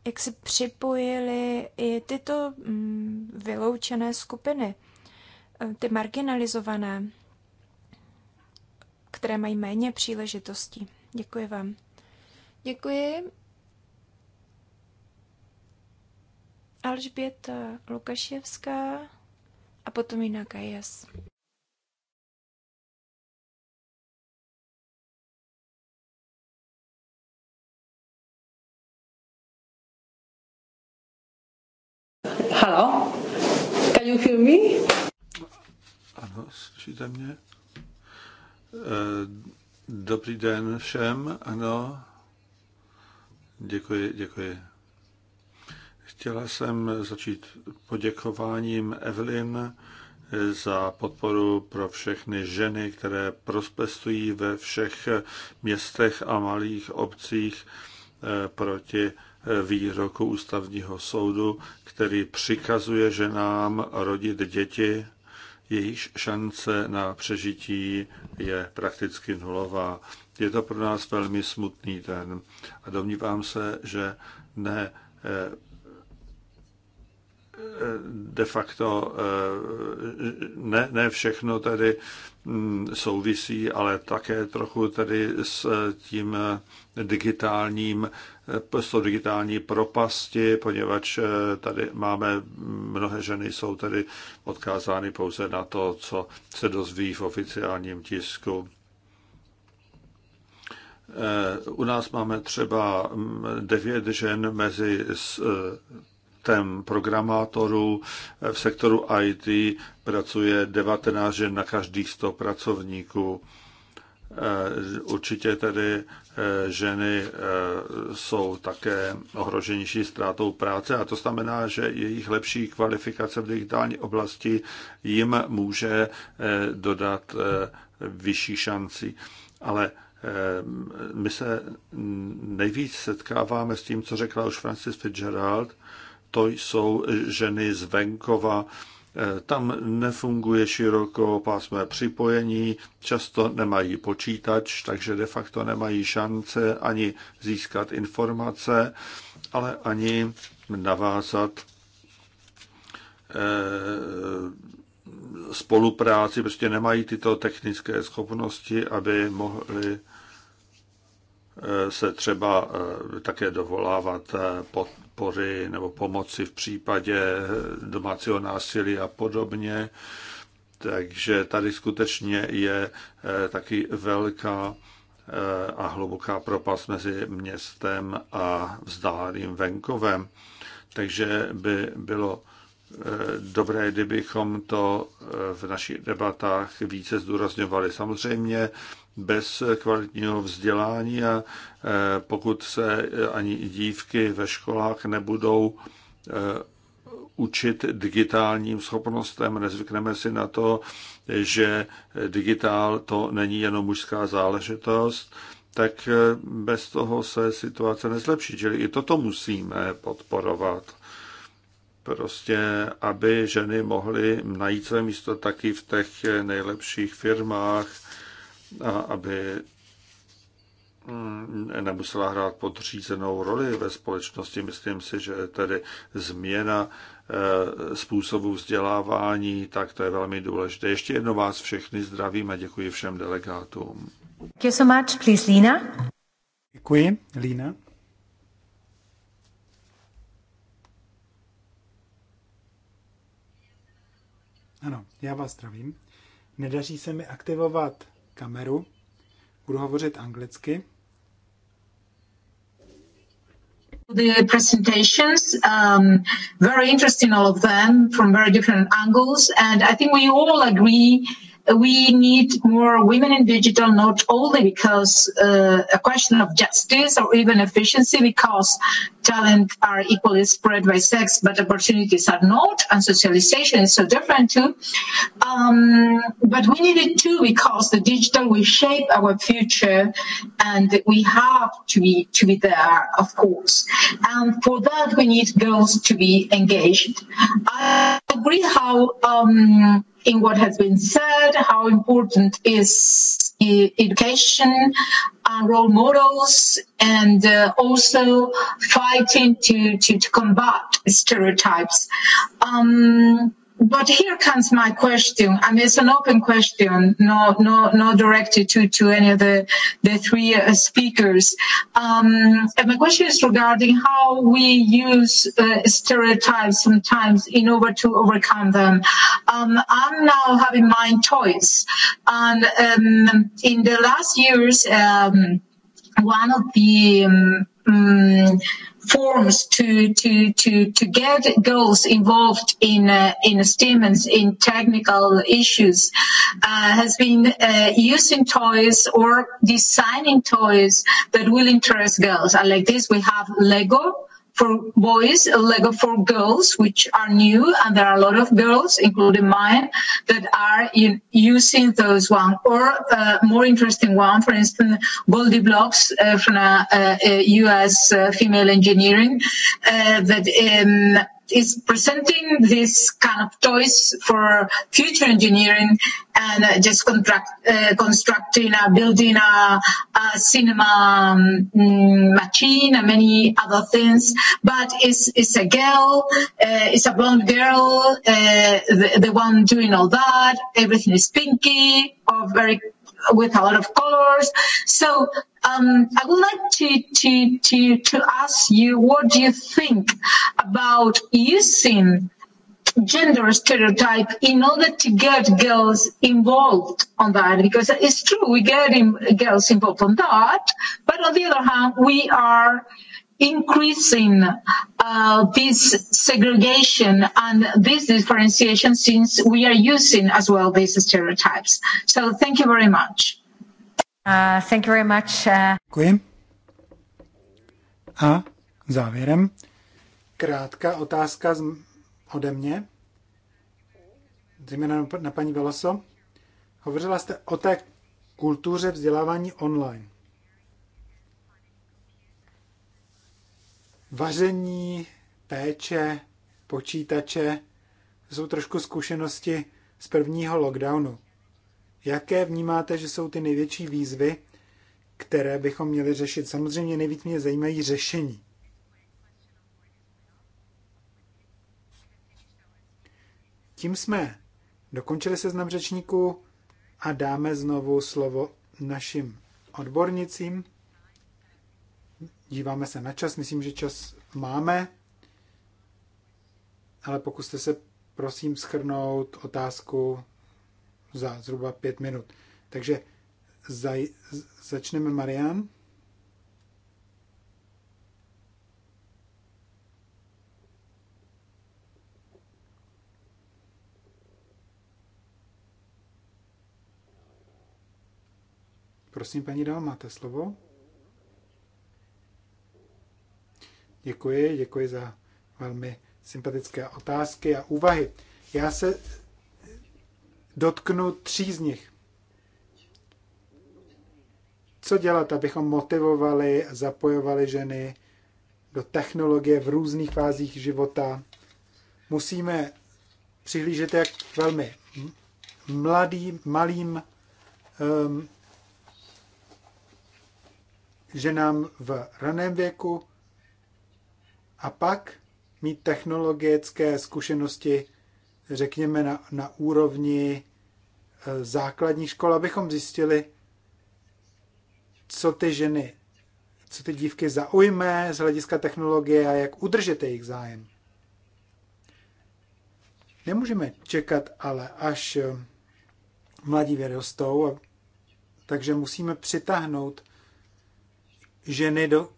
jak si připojili i tyto um, vyloučené skupiny, e, ty marginalizované, které mají méně příležitostí? Děkuji vám. Děkuji. Alžběta Lukaševská a potom jiná Kajas. Halo, can you hear me? Ano, slyšíte mě? Eh, dobrý den všem, ano. Děkuji, děkuji. Chtěla jsem začít poděkováním Evelyn za podporu pro všechny ženy, které prospestují ve všech městech a malých obcích eh, proti eh, výroku ústavního soudu, který přikazuje ženám rodit děti, jejichž šance na přežití je prakticky nulová. Je to pro nás velmi smutný den a domnívám se, že ne eh, de facto eh, ne, ne všechno tedy mm, souvisí, ale také trochu tedy s eh, tím eh, digitálním, s tou digitální propasti, poněvadž tady máme, mm, mnohé ženy jsou tedy odkázány pouze na to, co se dozví v oficiálním tisku. U nás máme třeba mm, devět žen mezi tém programátorů. Eh, v sektoru IT pracuje 19 žen na každých 100 pracovníků. Eh, určitě tedy eh, ženy jsou také ohroženější ztrátou práce a to znamená, že jejich lepší kvalifikace v digitální oblasti jim může dodat vyšší šanci. Ale my se nejvíc setkáváme s tím, co řekla už Francis Fitzgerald, to jsou ženy z venkova. Tam nefunguje široko pásmé připojení, často nemají počítač, takže de facto nemají šance ani získat informace, ale ani navázat eh, spolupráci, prostě nemají tyto technické schopnosti, aby mohli Eh, se třeba eh, také dovolávat eh, podpory nebo pomoci v případě domácího násilí a podobně. Takže tady skutečně je taky velká a hluboká propast mezi městem a vzdáleným venkovem. Takže by bylo dobré, kdybychom to v našich debatách více zdůrazňovali. Samozřejmě bez kvalitního vzdělání a e, pokud se ani dívky ve školách nebudou e, učit digitálním schopnostem. Nezvykneme si na to, že digitál to není jenom mužská záležitost, tak e, bez toho se situace nezlepší. Čili i toto musíme podporovat. Prostě, aby ženy mohly najít své místo taky v těch nejlepších firmách, aby mm, nemusela hrát podřízenou roli ve společnosti. Myslím si, že tedy změna eh, způsobu vzdělávání, tak to je velmi důležité. Ještě jednou vás všechny zdravím a děkuji všem delegátům. Thank you so much. Please, Lina. Děkuji, Lina. Ano, já vás zdravím. Nedaří se mi aktivovat kameru. Budu hovořit anglicky. the presentations. Um, very interesting, all of them, from very different angles. And I think we all agree we need more women in digital, not only because uh, a question of justice or even efficiency, because talent are equally spread by sex, but opportunities are not, and socialization is so different too. Um, but we need it too because the digital will shape our future, and we have to be to be there, of course. And for that, we need girls to be engaged. I agree how. Um, in what has been said, how important is e-, education, and role models, and uh, also fighting to, to, to combat stereotypes. Um, but here comes my question. I mean, it's an open question, no, no, no directed to, to any of the, the three uh, speakers. Um, and my question is regarding how we use uh, stereotypes sometimes in order to overcome them. Um, I'm now having mine toys. And um, in the last years, um, one of the um, um, forms to to to to get girls involved in uh, in STEM and in technical issues uh, has been uh, using toys or designing toys that will interest girls. And like this, we have Lego for boys, Lego for girls, which are new, and there are a lot of girls, including mine, that are in, using those one. Or uh, more interesting one, for instance, Goldie Blocks uh, from a, a, a US uh, female engineering uh, that. Um, is presenting this kind of toys for future engineering and uh, just contract, uh, constructing, uh, building a, a cinema um, machine and many other things. But it's, it's a girl, uh, it's a blonde girl, uh, the, the one doing all that. Everything is pinky or very with a lot of colors. So um, I would like to, to, to, to ask you, what do you think about using gender stereotype in order to get girls involved on that because it's true we get in, girls involved on that but on the other hand we are increasing uh, this segregation and this differentiation since we are using as well these stereotypes. So thank you very much. Uh, thank you very much. Uh... A závěrem krátká otázka z, ode mě, zejména na paní Veloso. Hovořila jste o té kultuře vzdělávání online. vaření, péče, počítače, jsou trošku zkušenosti z prvního lockdownu. Jaké vnímáte, že jsou ty největší výzvy, které bychom měli řešit? Samozřejmě nejvíc mě zajímají řešení. Tím jsme dokončili seznam řečníků a dáme znovu slovo našim odbornicím. Díváme se na čas, myslím, že čas máme, ale pokuste se prosím schrnout otázku za zhruba pět minut. Takže za, začneme Marian. Prosím, paní dáma, máte slovo. Děkuji, děkuji za velmi sympatické otázky a úvahy. Já se dotknu tří z nich. Co dělat, abychom motivovali a zapojovali ženy do technologie v různých fázích života? Musíme přihlížet jak velmi mladým, malým um, ženám v raném věku, a pak mít technologické zkušenosti, řekněme, na, na úrovni e, základních škol, abychom zjistili, co ty ženy, co ty dívky zaujme z hlediska technologie a jak udržet jejich zájem. Nemůžeme čekat ale, až e, mladí vyrostou, takže musíme přitáhnout ženy do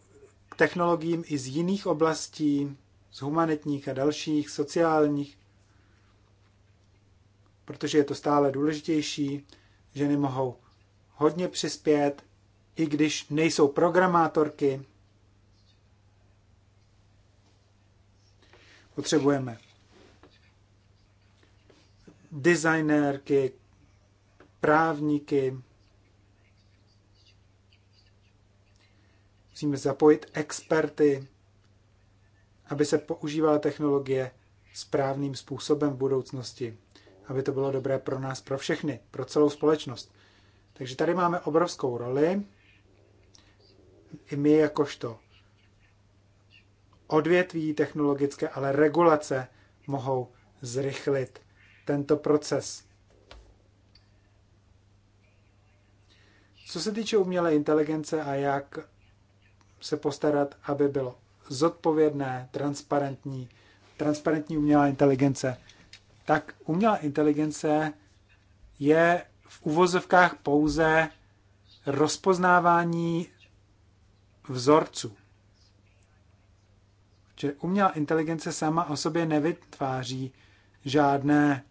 k technologiím i z jiných oblastí, z humanitních a dalších, sociálních, protože je to stále důležitější. Ženy mohou hodně přispět, i když nejsou programátorky. Potřebujeme designérky, právníky, Musíme zapojit experty, aby se používala technologie správným způsobem v budoucnosti, aby to bylo dobré pro nás, pro všechny, pro celou společnost. Takže tady máme obrovskou roli. I my jakožto odvětví technologické, ale regulace mohou zrychlit tento proces. Co se týče umělé inteligence a jak se postarat, aby bylo zodpovědné, transparentní, transparentní umělá inteligence, tak umělá inteligence je v uvozovkách pouze rozpoznávání vzorců. Že umělá inteligence sama o sobě nevytváří žádné,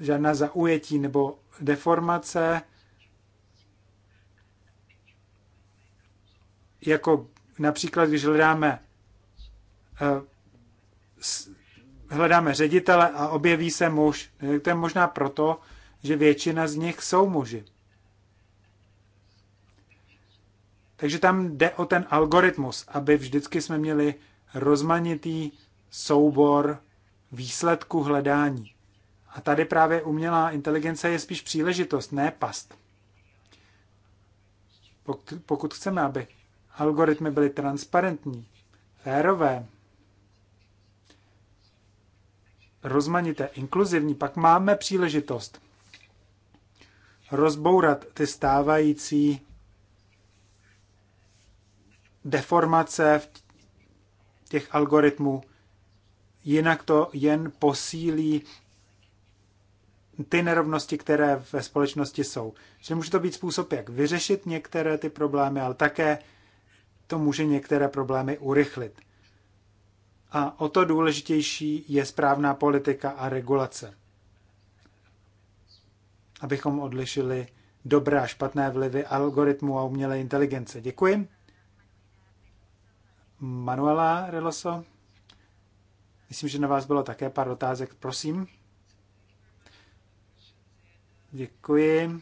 žádná zaujetí nebo deformace, jako Například, když hledáme eh, hledáme ředitele a objeví se muž. Eh, to je možná proto, že většina z nich jsou muži. Takže tam jde o ten algoritmus, aby vždycky jsme měli rozmanitý soubor výsledku hledání. A tady právě umělá inteligence je spíš příležitost, ne past. Pokud chceme, aby algoritmy byly transparentní, férové, rozmanité, inkluzivní, pak máme příležitost rozbourat ty stávající deformace v těch algoritmů, jinak to jen posílí ty nerovnosti, které ve společnosti jsou. Že může to být způsob, jak vyřešit některé ty problémy, ale také to může některé problémy urychlit. A o to důležitější je správná politika a regulace. Abychom odlišili dobré a špatné vlivy algoritmu a umělé inteligence. Děkuji. Manuela Reloso, myslím, že na vás bylo také pár otázek, prosím. Děkuji.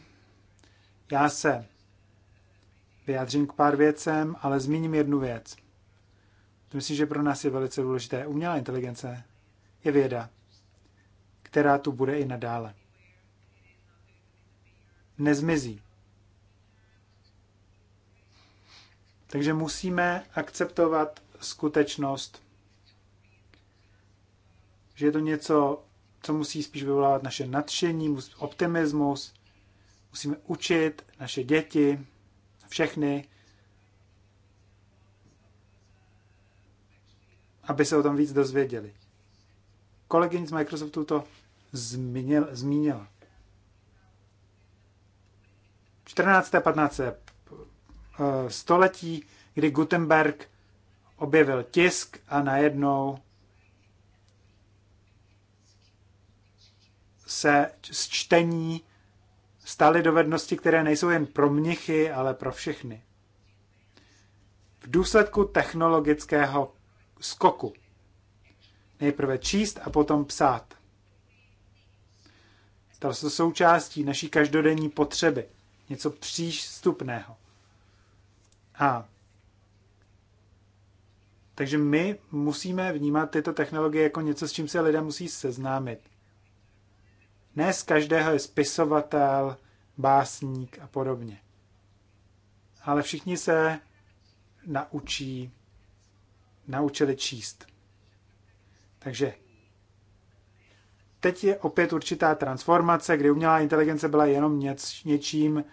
Já se vyjádřím k pár věcem, ale zmíním jednu věc. To myslím, že pro nás je velice důležité. Umělá inteligence je věda, která tu bude i nadále. Nezmizí. Takže musíme akceptovat skutečnost, že je to něco, co musí spíš vyvolávat naše nadšení, optimismus, musíme učit naše děti, všechny, aby se o tom víc dozvěděli. Kolegyně z Microsoftu to zmínil, zmínila. 14. 15. Eh, století, kdy Gutenberg objevil tisk a najednou se z čtení staly dovednosti, které nejsou jen pro mnichy, ale pro všechny. V důsledku technologického skoku. Nejprve číst a potom psát. Stalo se součástí naší každodenní potřeby. Něco přístupného. A takže my musíme vnímat tyto technologie jako něco, s čím se lidé musí seznámit. Ne z každého je spisovatel, básník a podobně. Ale všichni se naučí, naučili číst. Takže teď je opět určitá transformace, kdy umělá inteligence byla jenom něč, něčím,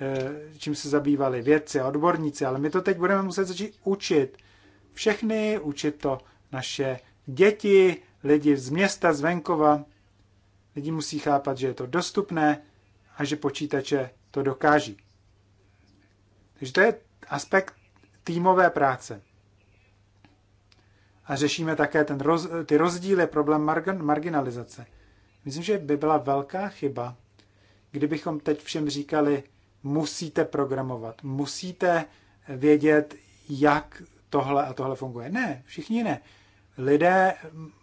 eh, čím se zabývali vědci a odborníci, ale my to teď budeme muset začít učit. Všechny, učit to naše děti, lidi z města, z venkova, Lidi musí chápat, že je to dostupné a že počítače to dokáží. Takže to je aspekt týmové práce. A řešíme také ten roz, ty rozdíly, problém margin, marginalizace. Myslím, že by byla velká chyba, kdybychom teď všem říkali, musíte programovat, musíte vědět, jak tohle a tohle funguje. Ne, všichni ne. Lidé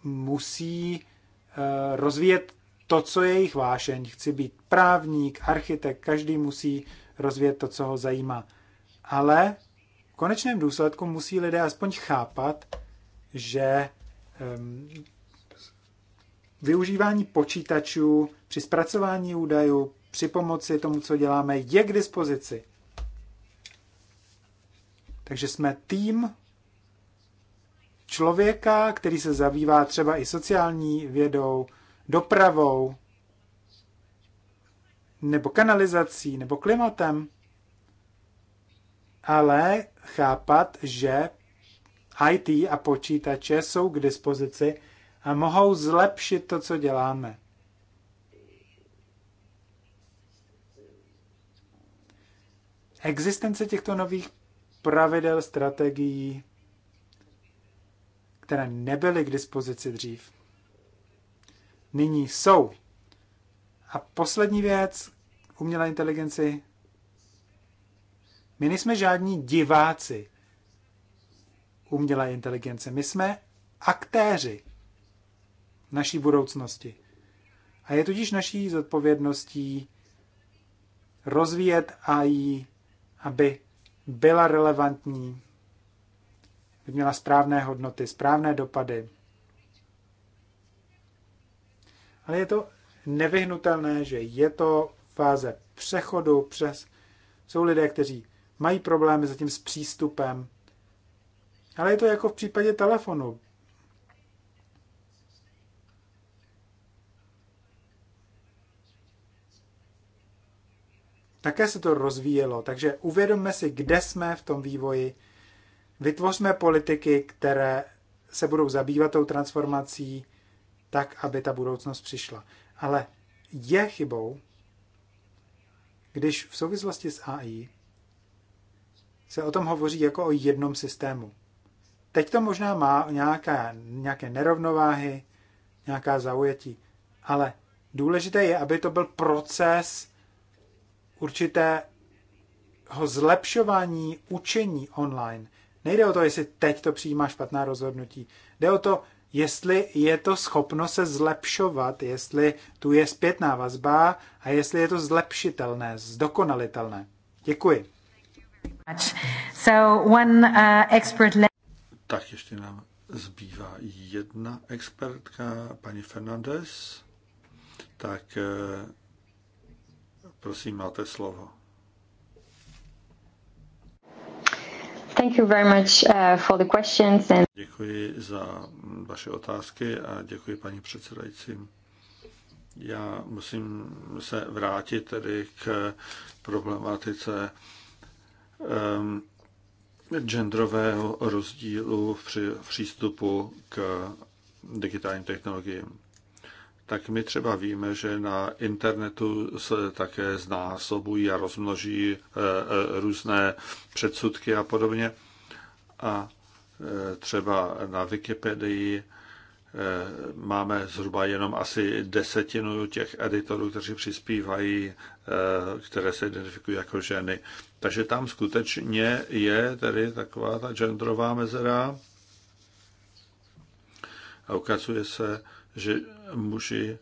musí eh, rozvíjet to, co je jejich vášeň. Chci být právník, architekt, každý musí rozvíjet to, co ho zajímá. Ale v konečném důsledku musí lidé aspoň chápat, že um, využívání počítačů při zpracování údajů, při pomoci tomu, co děláme, je k dispozici. Takže jsme tým člověka, který se zabývá třeba i sociální vědou, dopravou, nebo kanalizací, nebo klimatem, ale chápat, že IT a počítače jsou k dispozici a mohou zlepšit to, co děláme. Existence těchto nových pravidel, strategií, které nebyly k dispozici dřív, nyní jsou. A poslední věc, umělé inteligenci. My nejsme žádní diváci umělé inteligence. My jsme aktéři naší budoucnosti. A je tudíž naší zodpovědností rozvíjet AI, aby byla relevantní, aby měla správné hodnoty, správné dopady, ale je to nevyhnutelné, že je to fáze přechodu přes... Jsou lidé, kteří mají problémy zatím s přístupem, ale je to jako v případě telefonu. Také se to rozvíjelo, takže uvědomme si, kde jsme v tom vývoji, vytvořme politiky, které se budou zabývat tou transformací tak, aby ta budoucnost přišla. Ale je chybou, když v souvislosti s AI se o tom hovoří jako o jednom systému. Teď to možná má nějaké, nějaké nerovnováhy, nějaká zaujetí, ale důležité je, aby to byl proces určitého zlepšování učení online. Nejde o to, jestli teď to přijímá špatná rozhodnutí. Jde o to, jestli je to schopno se zlepšovat, jestli tu je zpětná vazba a jestli je to zlepšitelné, zdokonalitelné. Děkuji. Uh, tak ještě nám zbývá jedna expertka, paní Fernandez. Tak eh, prosím, máte slovo. Thank you very much uh, for the questions and... Děkuji za vaše otázky a děkuji paní předsedající. Já musím se vrátit tedy k problematice um, genderového rozdílu při přístupu k digitálním technologiím tak my třeba víme, že na internetu se také znásobují a rozmnoží e, e, různé předsudky a podobně. A e, třeba na Wikipedii máme zhruba jenom asi desetinu těch editorů, kteří přispívají, které se identifikují jako ženy. Takže tam skutečně je tedy taková ta genderová mezera a ukazuje se, že muži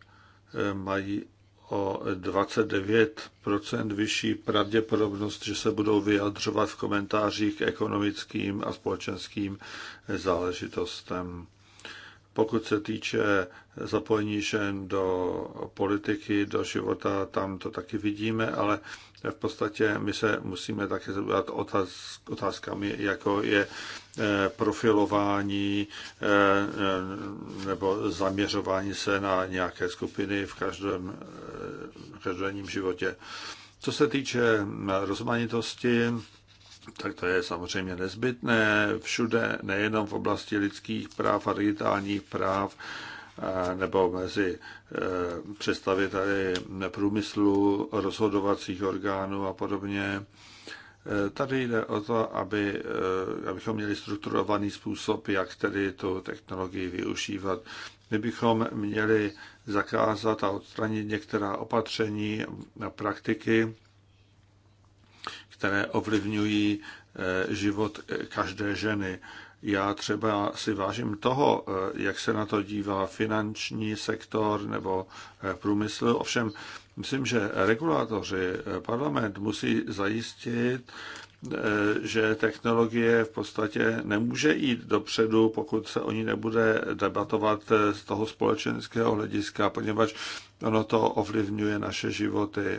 eh, mají o 29 vyšší pravděpodobnost, že se budou vyjadřovat v komentářích k ekonomickým a společenským eh, záležitostem. Pokud se týče zapojení žen do politiky, do života, tam to taky vidíme, ale v podstatě my se musíme také zabývat otázkami, jako je eh, profilování eh, nebo zaměřování se na nějaké skupiny v každém eh, v každodenním životě. Co se týče rozmanitosti, tak to je samozřejmě nezbytné všude, nejenom v oblasti lidských práv a digitálních práv, nebo mezi e, představiteli neprůmyslu, rozhodovacích orgánů a podobně. E, tady jde o to, aby, e, abychom měli strukturovaný způsob, jak tedy tu technologii využívat. Kdybychom měli zakázat a odstranit některá opatření a praktiky, které ovlivňují život každé ženy. Já třeba si vážím toho, eh, jak se na to dívá finanční sektor nebo eh, průmysl. Ovšem, myslím, že regulátoři eh, parlament musí zajistit, že technologie v podstatě nemůže jít dopředu, pokud se o ní nebude debatovat z toho společenského hlediska, poněvadž ono to ovlivňuje naše životy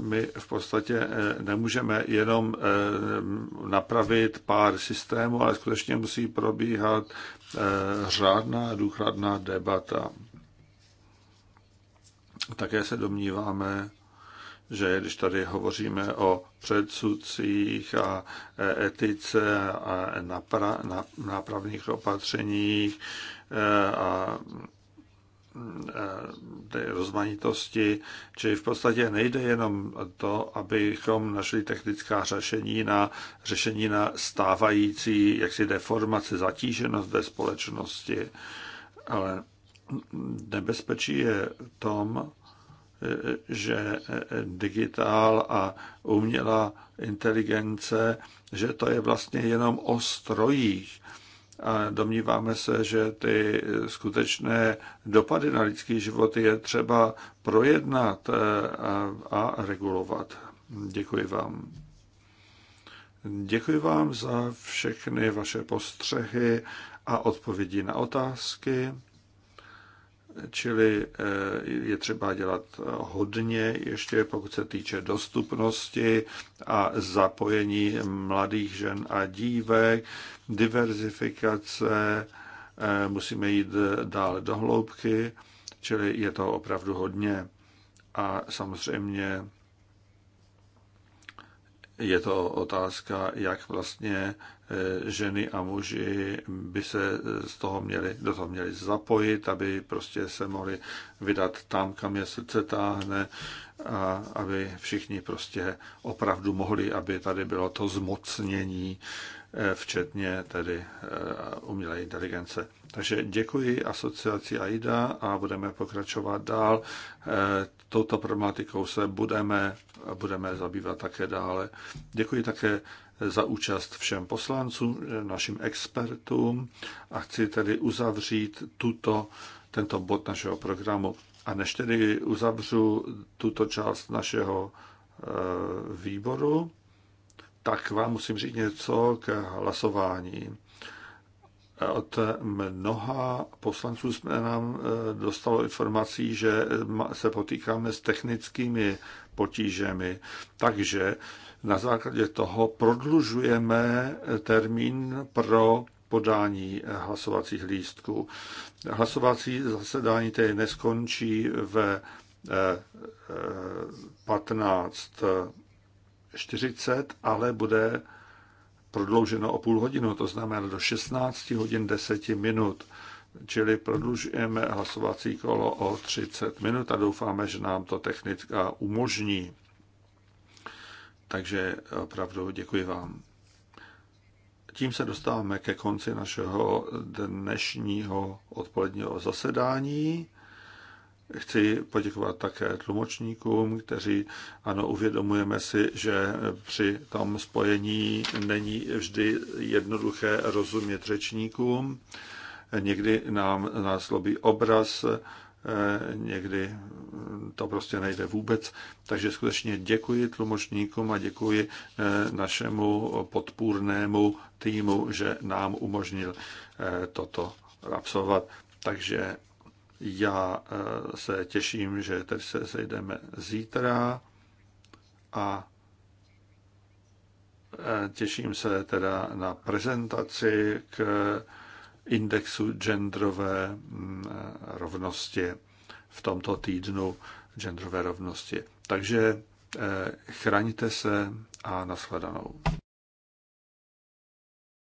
my v podstatě eh, nemůžeme jenom eh, napravit pár systémů, ale skutečně musí probíhat eh, řádná, důkladná debata. Také se domníváme, že když tady hovoříme o předsudcích a etice a napra, napravných opatřeních a Eh, té rozmanitosti, čili v podstatě nejde jenom to, abychom našli technická řešení na řešení na stávající jaksi deformace, zatíženost ve společnosti, ale nebezpečí je v tom, eh, že eh, digitál a umělá inteligence, že to je vlastně jenom o strojích, a domníváme se, že ty skutečné dopady na lidský život je třeba projednat eh, a regulovat. Děkuji vám. Děkuji vám za všechny vaše postřehy a odpovědi na otázky. Čili eh, je třeba dělat hodně ještě, pokud se týče dostupnosti a zapojení mladých žen a dívek, diverzifikace, eh, musíme jít dále do hloubky, čili je to opravdu hodně. A samozřejmě je to otázka, jak vlastně eh, ženy a muži by se z toho měli, do toho měli zapojit, aby prostě se mohli vydat tam, kam je srdce táhne, a aby všichni prostě opravdu mohli, aby tady bylo to zmocnění, eh, včetně tedy eh, umělé inteligence. Takže děkuji asociaci AIDA a budeme pokračovat dál. Eh, touto problematikou se budeme, budeme zabývat také dále. Děkuji také za účast všem poslancům, našim expertům a chci tedy uzavřít tuto, tento bod našeho programu. A než tedy uzavřu tuto část našeho eh, výboru, tak vám musím říct něco k hlasování. Od mnoha poslanců jsme nám eh, dostalo informací, že se potýkáme s technickými potížemi, takže na základě toho prodlužujeme termín pro podání eh, hlasovacích lístků. Hlasovací zasedání tedy neskončí ve 15.40, eh, eh, ale bude prodlouženo o půl hodinu, to znamená do 16 hodin 10 minut. Čili prodlužujeme hlasovací kolo o 30 minut a doufáme, že nám to technická umožní. Takže opravdu děkuji vám tím se dostáváme ke konci našeho dnešního odpoledního zasedání. Chci poděkovat také tlumočníkům, kteří, ano, uvědomujeme si, že při tom spojení není vždy jednoduché rozumět řečníkům. Někdy nám náslobí obraz, Eh, někdy to prostě nejde vůbec. Takže skutečně děkuji tlumočníkům a děkuji eh, našemu podpůrnému týmu, že nám umožnil eh, toto absolvovat. Takže já se těším, že teď se sejdeme zítra a těším se teda na prezentaci k indexu genderové mm, rovnosti v tomto týdnu genderové rovnosti. Takže eh, chraňte se a nashledanou.